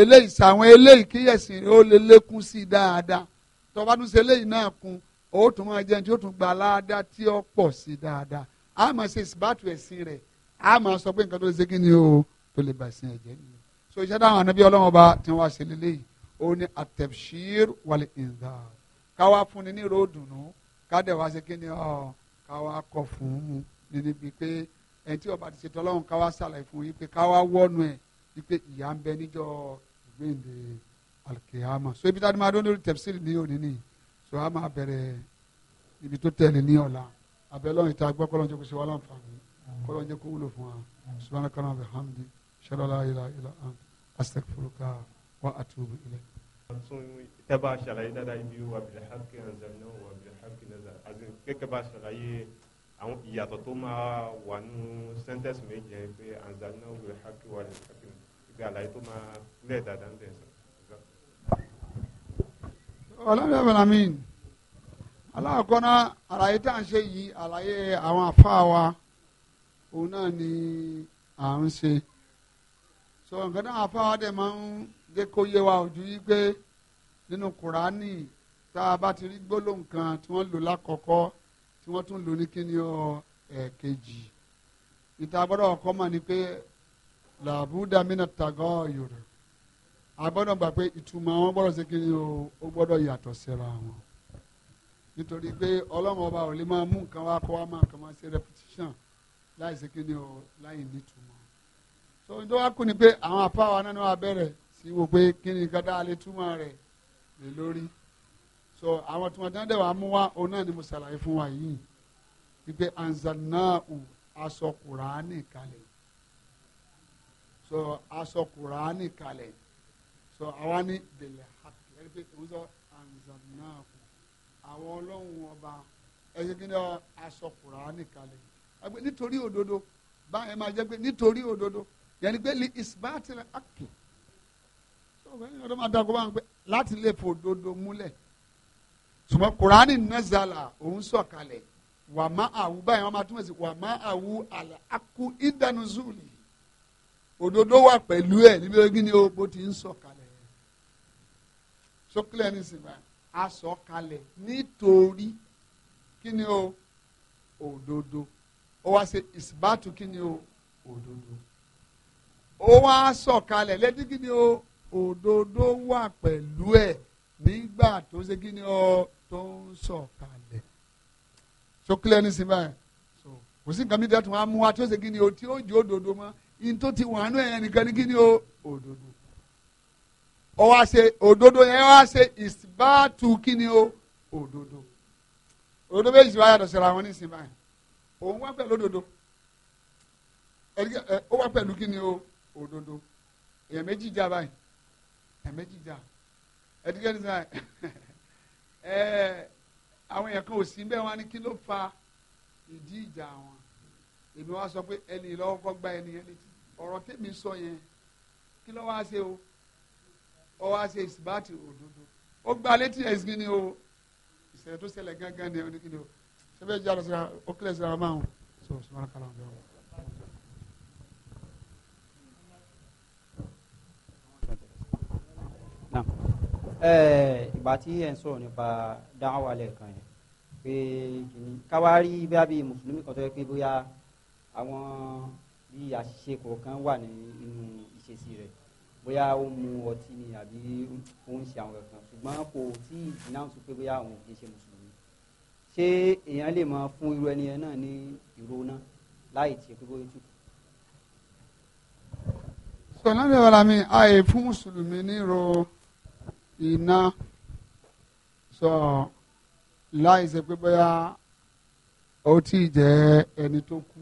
eléyìí ṣàwọn eléyìí kí ẹ̀sìn rẹ ó lè lékún sí i dáadáa tó bá tún ṣe eléyìí náà kún ó tún máa ó tún gbà láàdá tí ó pọ̀ sí i dáadáa a máa ṣe ìsìbátù ẹ̀sìn rẹ̀ a máa sọ pé nǹkan tó lè ṣe ni o tó lè bá sin ẹ̀jẹ̀ nìyẹn so iṣẹ́ táwọn ànábí ọlọ́run ọba tí wọ́n wá ṣe lélẹ́yìí ó ní atẹ̀sír wàlẹ̀ ìgbà káwá ni ní ròdùnú kádẹ̀ wá ṣe ni ọ káwá kọ̀ fún un ní níbi pé ẹni tí ọba ti ṣètò ọlọ́run káwá ṣàlàyé fún yìí pé káwá wọ́nu ẹ̀ wípé ìyá ń bẹ níjọ́ ìgbéǹde alkiyama so ibi táwọn adó lórí tẹ̀sír ní òní ni so a máa bẹ̀rẹ̀ ibi tó tẹ̀lé ní ọ̀la àbẹ̀lọ́run ìta gbọ́kọ́lọ́jọ́ kò ṣe wá láǹfààní kọ́lọ́ jẹ́ kó wúlò fún wa subahana kan náà hamdi shalala ila ila an astaghfiruka wa atubu ilẹ̀. tẹ́bà ṣàlàyé dáadáa ibi wà bìlẹ̀ hàkì ẹ̀ǹzẹ̀mínà wà bìlẹ̀ hàkì ẹ̀ǹzẹ̀mínà gẹ́gẹ́ bá ṣàlàyé àwọn ìyàtọ̀ tó máa wà nù sẹ́ńtẹ̀sì méjì yẹn pé ẹ̀ǹzẹ̀mínà wà bìlẹ̀ hàkì wà bìlẹ̀ hàkì ìgbà àlàyé tó máa lẹ̀ dáadáa ń bẹ̀ sọ. ọlọ́run ẹ̀fọn àmín aláàkọ́ná àlàyé tá à ń ṣe yìí àlàyé àwọn àfáà wa òun náà ni à ń ṣe so nǹkan náà afáwa dẹ̀ máa ń dé kó yé wa ojú yí pé nínú kùránì tá a bá ti rí gbólóhùn kan tí wọ́n lò lákọ̀ọ́kọ́ tí wọ́n tún lò ní kíni ọ ẹ̀ẹ̀kejì gbọ́dọ̀ ọkọ mọ̀ ni pé làbúdà mínà tàgọ́ yorùbá a gbà pé ìtumọ̀ wọn gbọ́dọ̀ ṣe kíni o ó gbọ́dọ̀ yàtọ̀ síra wọn nítorí pé ọlọ́run ọba ò lè máa mú nǹkan wá kó wá máa kàn máa ṣe repetition láì ṣe kíni o láì nítumọ̀ so ní tó wá kú ni pé àwọn apá wa náà ni wọ́n abẹ́rẹ̀ sí wo pé kíni kátà lè túmọ̀ rẹ̀ lè lórí so àwọn tí wọ́n tán dẹ̀ wá mú wá òun náà ni mo ṣàlàyé fún wa yìí wípé anzanaahu aṣọ kùránì kalẹ̀ so aṣọ kùránì kalẹ̀ so àwa ní bẹ̀lẹ̀ hàkì ẹni pé òun sọ anzanaahu àwọn ọlọ́run ọba ẹ̀yẹ́gídá aṣọ kùránì kalẹ̀ àgbẹ̀ nítorí òdodo báyẹn máa jẹ́ pé nítorí òdodo yẹnni pé li isbat al-haqq ọdún máa dàgbọ́ wọn pé láti lè fò òdodo múlẹ̀ ṣùgbọ́n kùránì nazala òun sọ̀kalẹ̀ wà má àwù báyìí wọn máa túmọ̀ sí wà má àwù al-haqq idanuzuli òdodo wà pẹ̀lú ẹ̀ níbi ogi ni o bó ti ń sọ̀kalẹ̀ sókèlè ní sinmi a sọ̀kalẹ̀ nítorí kí ni o òdodo. So ó wá ṣe ìsìbátú kí ni o òdodo ó wá sọ̀kalẹ̀ létí kí ni o òdodo wà pẹ̀lú ẹ̀ nígbà tó ṣe kí ni o tó ń sọ̀kalẹ̀ so clear ní sinmi báyìí kò sí nǹkan mi dẹ́tun wá mú wa tí ó ṣe kí ni o tí ó jẹ́ òdodo mọ́ in tó ti wà nú ẹ̀yẹn nìkan ní kí ni o òdodo ó wá ṣe òdodo yẹn wá ṣe ìsìbátú kí ni o òdodo òdodo méjì wá yàtọ̀ síra wọn ní sinmi báyìí òun wá pẹ̀lú òdodo ó wá pẹ̀lú kí ni o òdodo èèyàn méjì já báyìí èèyàn méjì já ẹ̀dígẹ́ ní sáà ẹ̀ àwọn èèyàn kan ò sí bẹ́ẹ̀ wá ní kí ló fa ìdí ìjà wọn èmi wá sọ pé ẹni ìlọ́wọ́ kọ́ gba ẹni ẹni tí ọ̀rọ̀ tèmi sọ yẹn kí ló wá ṣe o ọ wá ṣe ìsìbáàtì òdodo ó gba létí ẹ̀sìn ni o ìṣẹ̀lẹ̀ tó ṣẹlẹ̀ gángan ni ẹni kí ni o sebe jalo sira o kile sira ma o so sumana kalan bɛ o. ìgbà tí ẹ̀ ń sọ̀rọ̀ nípa dáhùn alẹ́ kan yẹn pé káwárí bí abí mùsùlùmí kan tó yẹ pé bóyá àwọn bí àṣìṣe kọ̀ọ̀kan wà nínú ìṣesí rẹ̀ bóyá ó mu ọtí ni àbí ó ń ṣe àwọn ẹ̀kan ṣùgbọ́n kò tí ì náà sọ pé bóyá àwọn òkè ṣé èèyàn lè máa fún irú ẹni yẹn náà ní ìró láì tí epo bóyá tù. sọ̀nà mi wà lámì ààyè fún mùsùlùmí nírò iná sọ láì ṣe pé bóyá ó tí ì jẹ́ ẹni tó kú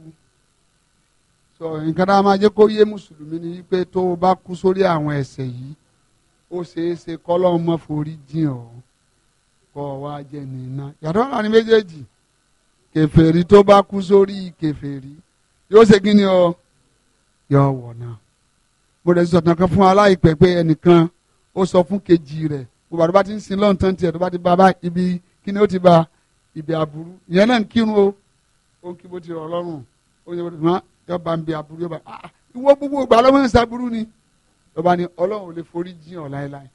sọ nǹkan tá a máa jẹ́ kó yé mùsùlùmí ni wípé tó o bá kú sórí àwọn ẹ̀ṣẹ̀ yìí ó ṣeé ṣe kọ́lọ́ọ̀ mọ́ forí jìn ọ́ kọ́ wa jẹ́ nìyẹn yàtọ̀ láàrin méjèèjì kèfèrí tó bá kú sórí kèfèrí yóò ṣe kí ni ọ yọ wọ̀ náà mo rẹ̀ sọ̀tàn kan fún aláìpẹ́ pé ẹnìkan ó sọ fún kejì rẹ̀ mo bàtọ́ bá ti ń sin lọ́ntàn tiẹ̀ tó bá ti ba bá ibi kí ni ó ti ba ibi aburú ìyẹn náà ń kírun o ó ń kí bó ti rọ̀ lọ́rùn ó ń yẹ bó yọ bá ń bi aburú yọ bá ah ìwọ gbogbo ìgbà lọ́wọ́ ń sa aburú ni lọ́ba ọlọ́run ò lè forí jìn ọ́ láéláé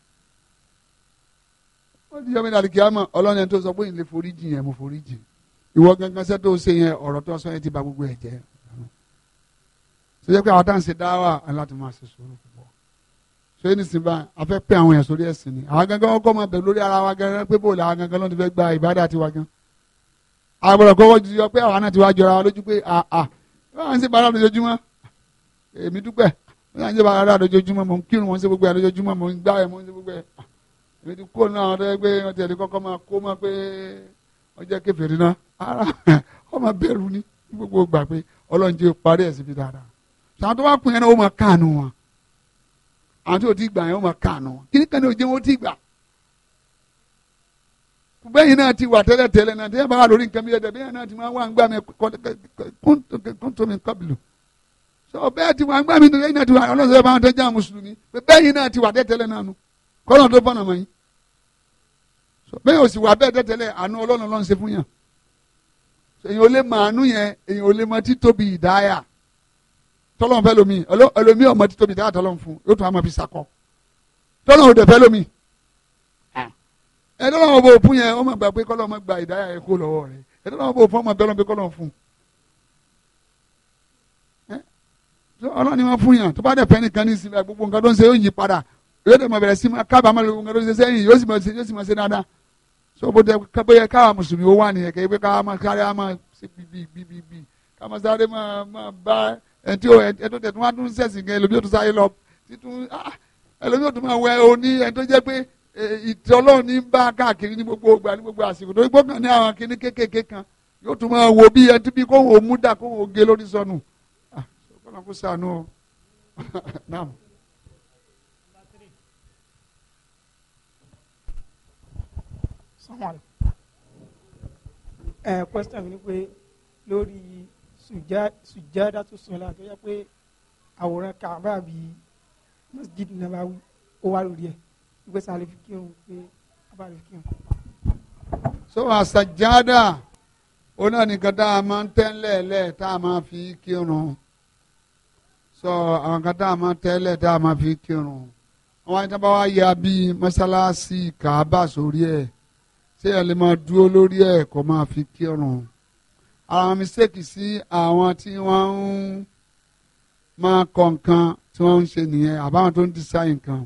wọ́n ti jọ́mi dàlí kíámà ọlọ́run ẹni tó sọ pé ìlè foríjì yẹn mo foríjì ìwọ gangan sẹ́ tó ṣe yẹn ọ̀rọ̀ tó sọ yẹn ti ba gbogbo ẹ̀ jẹ́ ṣe jẹ́ pé àwọn táwọn ṣe dá wà láti máa ṣe sùúrù púpọ̀ ṣé ní sinba a fẹ́ pẹ́ àwọn yẹn sórí ẹ̀sìn ni àwọn gangan ọkọ máa bẹ̀rù lórí ara wa gangan pé bò làwọn gangan lọ́n ti fẹ́ gba ìbádà tiwa gan àgbọ̀dọ̀ kọ́wọ́ ju yọ pé àwọn náà ti wá jọra wa lójú pé àà wọ́n èmi ti kó náà ọdọ pé wọn ti ẹni kọ́kọ́ máa kó máa pé wọn jẹ kèfèrí náà ara wọn máa bẹ̀rù ni gbogbo gbà pé Ọlọ́run jẹ parí ẹ síbi dáadáa sàn tó bá kún yẹn náà ó máa káànù wọn àwọn tí o ti gbà yẹn ó máa káànù wọn kí ni kan ní o jẹ wọn ó ti gbà bẹ́yìn náà ti wà tẹ́lẹ̀tẹ́lẹ̀ náà tẹ́lẹ̀ bá wà lórí nǹkan mi dẹ́dẹ́ bẹ́yìn náà ti máa wà ń gbà mí kóńtó mi kábìlù sọ bẹ́ẹ̀ ti wà ń gbà mí lẹ́yìn náà ti wà ọlọ́sọ̀rọ̀ bá wọn tẹ́jà mùsùlùmí bẹ́yìn náà ti wà tẹ́tẹ́lẹ̀ náà nù kọ́nà tó bọ́nà mọ́ yín bẹ́ẹ̀ òsì wà bẹ́ẹ̀ tẹ́tẹ́lẹ̀ àánú ọlọ́run ọlọ́run ṣe fún yàn èyàn ò lè mọ àánú yẹn èyàn ò lè mọ títóbi ìdáyà tọ́lọ́run fẹ́ lomi ẹlòmí ọmọ títóbi ìdáyà tọ́lọ́run fún yóò tún àmọ́ fi sakọ tọ́lọ́run ò dẹ̀ fẹ́ lomi ẹ̀dọ́lọ́run ọba òfun yẹn ọmọ gbà pé kọ́lọ́run gba ìdáyà yẹn kó lọ́wọ́ rẹ̀ ẹ̀dọ́lọ́run ọba òfun ọmọ bẹ́ẹ̀ lọ́n pé kọ́lọ́run fún ọlọ́run ni wọ́n fún yàn tó bá dẹ̀ fẹ́ nìkan ní ìsinmi gbogbo nǹkan tó ń ṣe yóò yí padà yóò dẹ̀ mọ̀ bẹ̀rẹ̀ sí ma kábàámọ̀ lóhun kan tó ṣe sẹ́yìn yóò sì mọ̀ ṣe yóò sì mọ̀ ṣe dáadáa so bó tẹ bóyá káwa mùsùlùmí ó wà nìyẹn kẹ́ pé káwa máa sáré á máa ṣe bìbìbìbì káwa máa sáré máa bá ẹtí o ẹtí o tẹ̀tún wá tún sẹ̀sìn kan ẹlòmí ò tún sáré lọ títún ah, ẹlòmí ò tún máa wẹ òní ẹni tó jẹ́ pé e, ìtẹ́ ọlọ́run ní bá káàkiri ní gbogbo ìgbà ní gbogbo àsìkò tó gbọ́ kan ní àwọn kinní kéékèèké kan yóò tún máa wo bí ẹtí bí kóhùn òmúdà kóhùn òge lórí sọnù ah ọlọ́run kò sànù o náà. sọ́wọ́n ẹ̀ question mi ni pé lórí sùjádà tó sùn láti yẹ pé àwòrán kàbá bí masjid nabawi ó wà lórí ẹ̀ ìgbé sàlẹ̀ fi kírun pé abá lè fi kírun. so asajada, ó náà nìkan tá a máa ń tẹ́lẹ̀ lẹ̀ tá a máa fi kírun so àwọn kan tá a máa ń tẹ́lẹ̀ tá a máa fi kírun àwọn ìjọba wa ya bíi mọ́sálásí kàbá sórí ẹ̀ ṣé ẹ lè máa dúró lórí ẹ̀ kó máa fi kírun àwọn mistake sí àwọn tí wọ́n ń máa kọ nǹkan tí wọ́n ń ṣe nìyẹn àbáwọn tó ń design nǹkan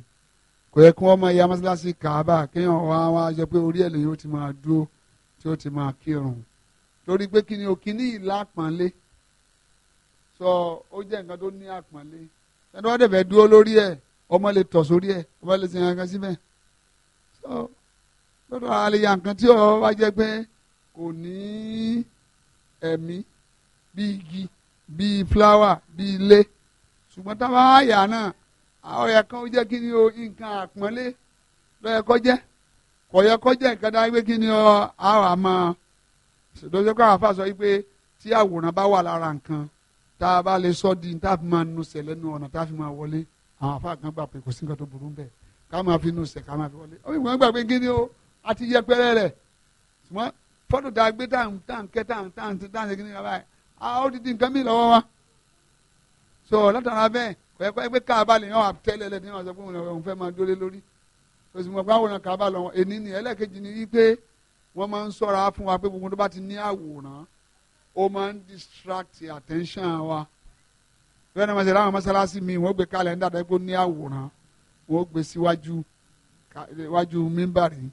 kò yẹ kí wọ́n máa ya mọ́sálásí kàábà kéèyàn wá wá sọ pé orí ẹ̀ lèyìn ó ti máa dúró tí ó ti máa kírun torí pé kí ni o kí ní ìlà àpọ́nlé sọ ó jẹ́ nǹkan tó ní àpọ́nlé ẹni wọ́n dẹ̀ fẹ́ dúró lórí ẹ̀ ọmọ lè tọ̀ sórí ẹ̀ ọmọ lè sìn So, sọ́dọ̀ àlèyà nǹkan tí ọ̀rọ̀ bá jẹ́ pé kò ní ẹ̀mí bí igi bí fúláwà bí ilé ṣùgbọ́n tá a bá yà náà àwọn ẹ̀yà kan ó jẹ́ kí ni o nǹkan àpọ́nlé lọ́yẹ̀ kọ́ jẹ́ kò yẹ kọ́ jẹ́ nǹkan dáa pé kí ni ọ àwọn àmọ́ ṣèdọ́jọ́ kọ́ àwọn afáà sọ wípé tí àwòrán bá wà lára nǹkan tá a bá lè sọ di tá a fi máa nu sẹ̀lẹ̀ nu ọ̀nà tá a fi máa wọlé àwọn afáà gbà pé kò sí nǹkan tó burú bẹ́ẹ̀ ká máa fi nu sẹ̀ ká máa fi wọlé ó yẹ kó gbà pé kí ni o àti yẹpẹrẹ rẹ̀ ṣùgbọ́n fọ́tò tá a gbé tá à ń kẹ́ tá à ń tá à ń tá à ń ṣe kí ni kaba yẹn a ó di di nǹkan mi lọ́wọ́ wa so látara bẹ́ẹ̀ kọ̀yẹ́kọ́ ẹgbẹ́ káaba lè yàn wà tẹ́lẹ̀ lẹ́ni wọn sọ pé òun fẹ́ máa dólé lórí òṣùwọ̀n pé àwòrán káaba lọ́wọ́ èní ni ẹlẹ́ẹ̀kejì ni wípé wọ́n máa ń sọ̀rọ̀ fún wa pé gbogbo tó bá ti ní àwòrán ó máa ń distract attention wa bẹ́ẹ̀ ni wọ́n ṣe láwọn mọ́ṣáláṣí mi wọ́n gbé kalẹ̀ ń dàdá pé ó ní àwòrán wọ́n gbé síwájú mímbàrí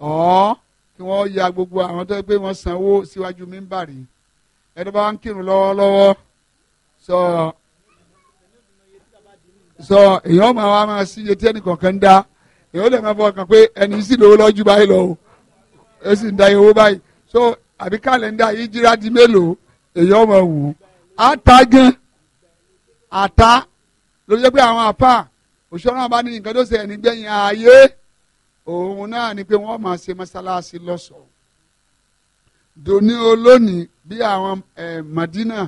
ọ̀ kí wọ́n ya gbogbo àwọn tó gbé wọn sanwó síwájú mímbàrí ẹni bá ń kírun lọ́wọ́lọ́wọ́ sọ sọ èèyàn máa wá máa sí etí ẹnì kọ̀ọ̀kan dá èèyàn lè máa fọ pé ẹni sì lówó lọ́jú báyìí lọ o sì ń da owó báyìí so àbí kàlẹ́ndà yìí jíra di mélòó èèyàn máa wù ú ata gan ata ló jẹ́ pé àwọn àpá òṣùwọ̀n náà bá ní nǹkan tó ṣe ẹ̀nìgbẹ̀yìn ààyè òun náà ni pé wọ́n máa ṣe mọ́sálásí lọ́sọ̀ọ́ dòní olónìí bí àwọn Madina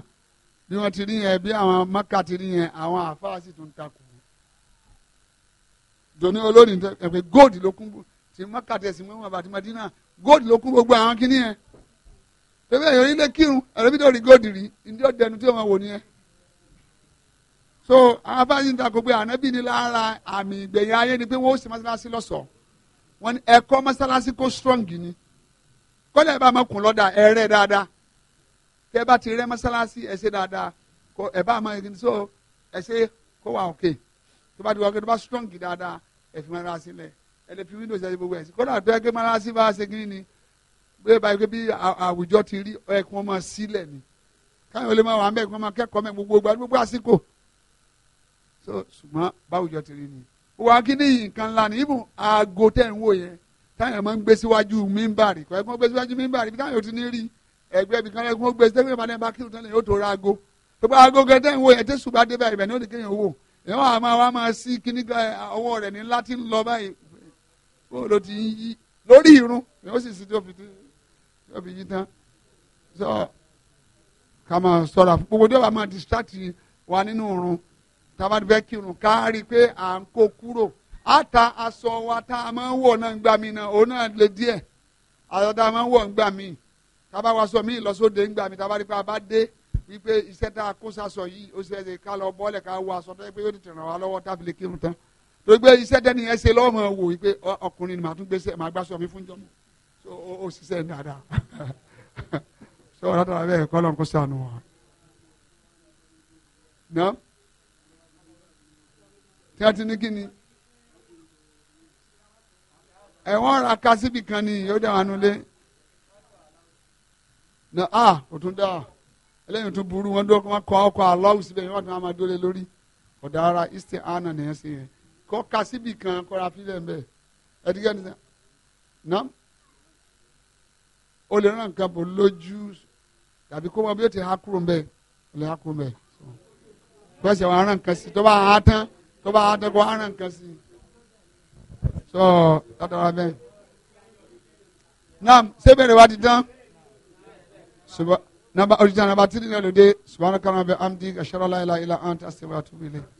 bí wọ́n ti rí yẹn bí àwọn Maka ti rí yẹn àwọn àfáà sì tún takò dòní olónìí ẹ̀pẹ̀ gold ló kún ti Maka tẹ̀sí mọ́ àbàtì Madina gold ló kún gbogbo àwọn kíní yẹn tẹ̀wé ẹ̀yọ́ ilé kírun ẹ̀rọ bí tó rí gold rí ndí ọ̀dẹ̀nu tí wọ́n wò ni so àwọn afáà sì ń takò pé ànábì ni lára àmì ìgbẹ̀yìn ayé ni pé wọ́n ó sì mọ́sálásí lọ́sọ̀ọ́ wọ́n ní masalasi ko strong ni kọ́lẹ̀ bá ma kùn lọ́dà ẹ rẹ́ dáadáa tẹ́ bá ti rẹ́ mọ́sálásí ẹ ṣe dáadáa kó ẹ bá máa ẹni so ẹ ṣe kó wà tó bá ti wà òkè tó bá strong dáadáa ẹ fi máa ra sílẹ̀ ẹ fi windows ẹ ṣe gbogbo ẹ̀ sí kọ́lẹ̀ àtọ́ ẹgbẹ́ mọ́sálásí bá ṣe kí ni bí báyìí pé bí àwùjọ ti rí ẹ kí wọ́n ni káyọ̀ lè máa wà mẹ́ẹ̀kí wọ́n máa kẹ́kọ̀ọ́ mẹ́ gbogbo gbogbo àsìkò so ṣùgbọ́n báwùjọ ti rí ni wà kí ni nǹkan ńlá ni ibùn aago tẹ̀ ń wò yẹn táyà máa ń gbé síwájú mímbàrì kò ẹ̀gbọ́n gbé síwájú mímbàrì táyà ò ti ní rí ẹgbẹ́ ibi kan ẹ̀gbọ́n gbé síwájú mímbàrì bá kí lóòótọ́ lẹ́yìn ó tó ra aago tó bá aago kan tẹ̀ ń wò yẹn tẹ̀sù bá dé báyìí bẹ́ẹ̀ ni ó ní kéèyàn wò ìwọ́n àmọ́ àwa máa sí kíní ọwọ́ rẹ̀ ní láti lọ báyìí tábà ti fẹ́ kírun ká rí i pé à ń kó kúrò á ta aṣọ wa tá a máa ń wọ̀ náà gbà mí náà òun náà le díẹ̀ aṣọ tá a máa ń wọ̀ gbà mí tábà wa sọ mí ìlọsóde gbà mí tábà rí i pé a bá dé wípé iṣẹ́ tá a kó sasọ yìí ó ṣe ṣe ká lọ bọ́ọ̀lẹ̀ ká wọ aṣọ tó yẹ pé yóò ti wá lọ́wọ́ tá a fi lè kírun tán torí pé iṣẹ́ tẹ́ni yẹn ṣe lọ́wọ́ wò wípé ọkùnrin ni màá tún gbéṣẹ́ màá gbàṣọ mi fún jọmọ so ó ṣiṣẹ́ dáadáa so ọ̀rọ̀ tó wà bẹ́ẹ̀ kọ́ lọ́n kó sànù tí a ti ní kíni ẹ̀wọ̀n ra ka síbi kan ni yóò dẹ̀ wà na a o tún dá eléyìí tún burú wọn dúró kó wọn kọ ọkọ alọ́ọ̀lù síbẹ̀ yóò tún máa dúró lé lórí ọ̀dà ara ìsì àánà nìyẹn sí yẹn kọ́ ka síbi kan kọ́ra fílẹ̀ ń bẹ̀ ẹ̀dígẹ́ ni nam o lè rán nǹkan bò lójú tàbí kó wọn bí ó ti há kúrò ń bẹ̀ ó lè há kúrò ń bẹ̀ pẹ̀sẹ̀ wọn arán nǹkan sí tó bá há tán tó bá dẹ́kun ara nǹkan sí i sọ látara bẹ́ẹ̀. naam sẹ́bẹ̀rẹ̀ wa ti dán namba orijan namba tiri ni olùdé subahana kanna bẹ amdi asharala ilaha illa anta astaghfiruka wa atubu ilayk.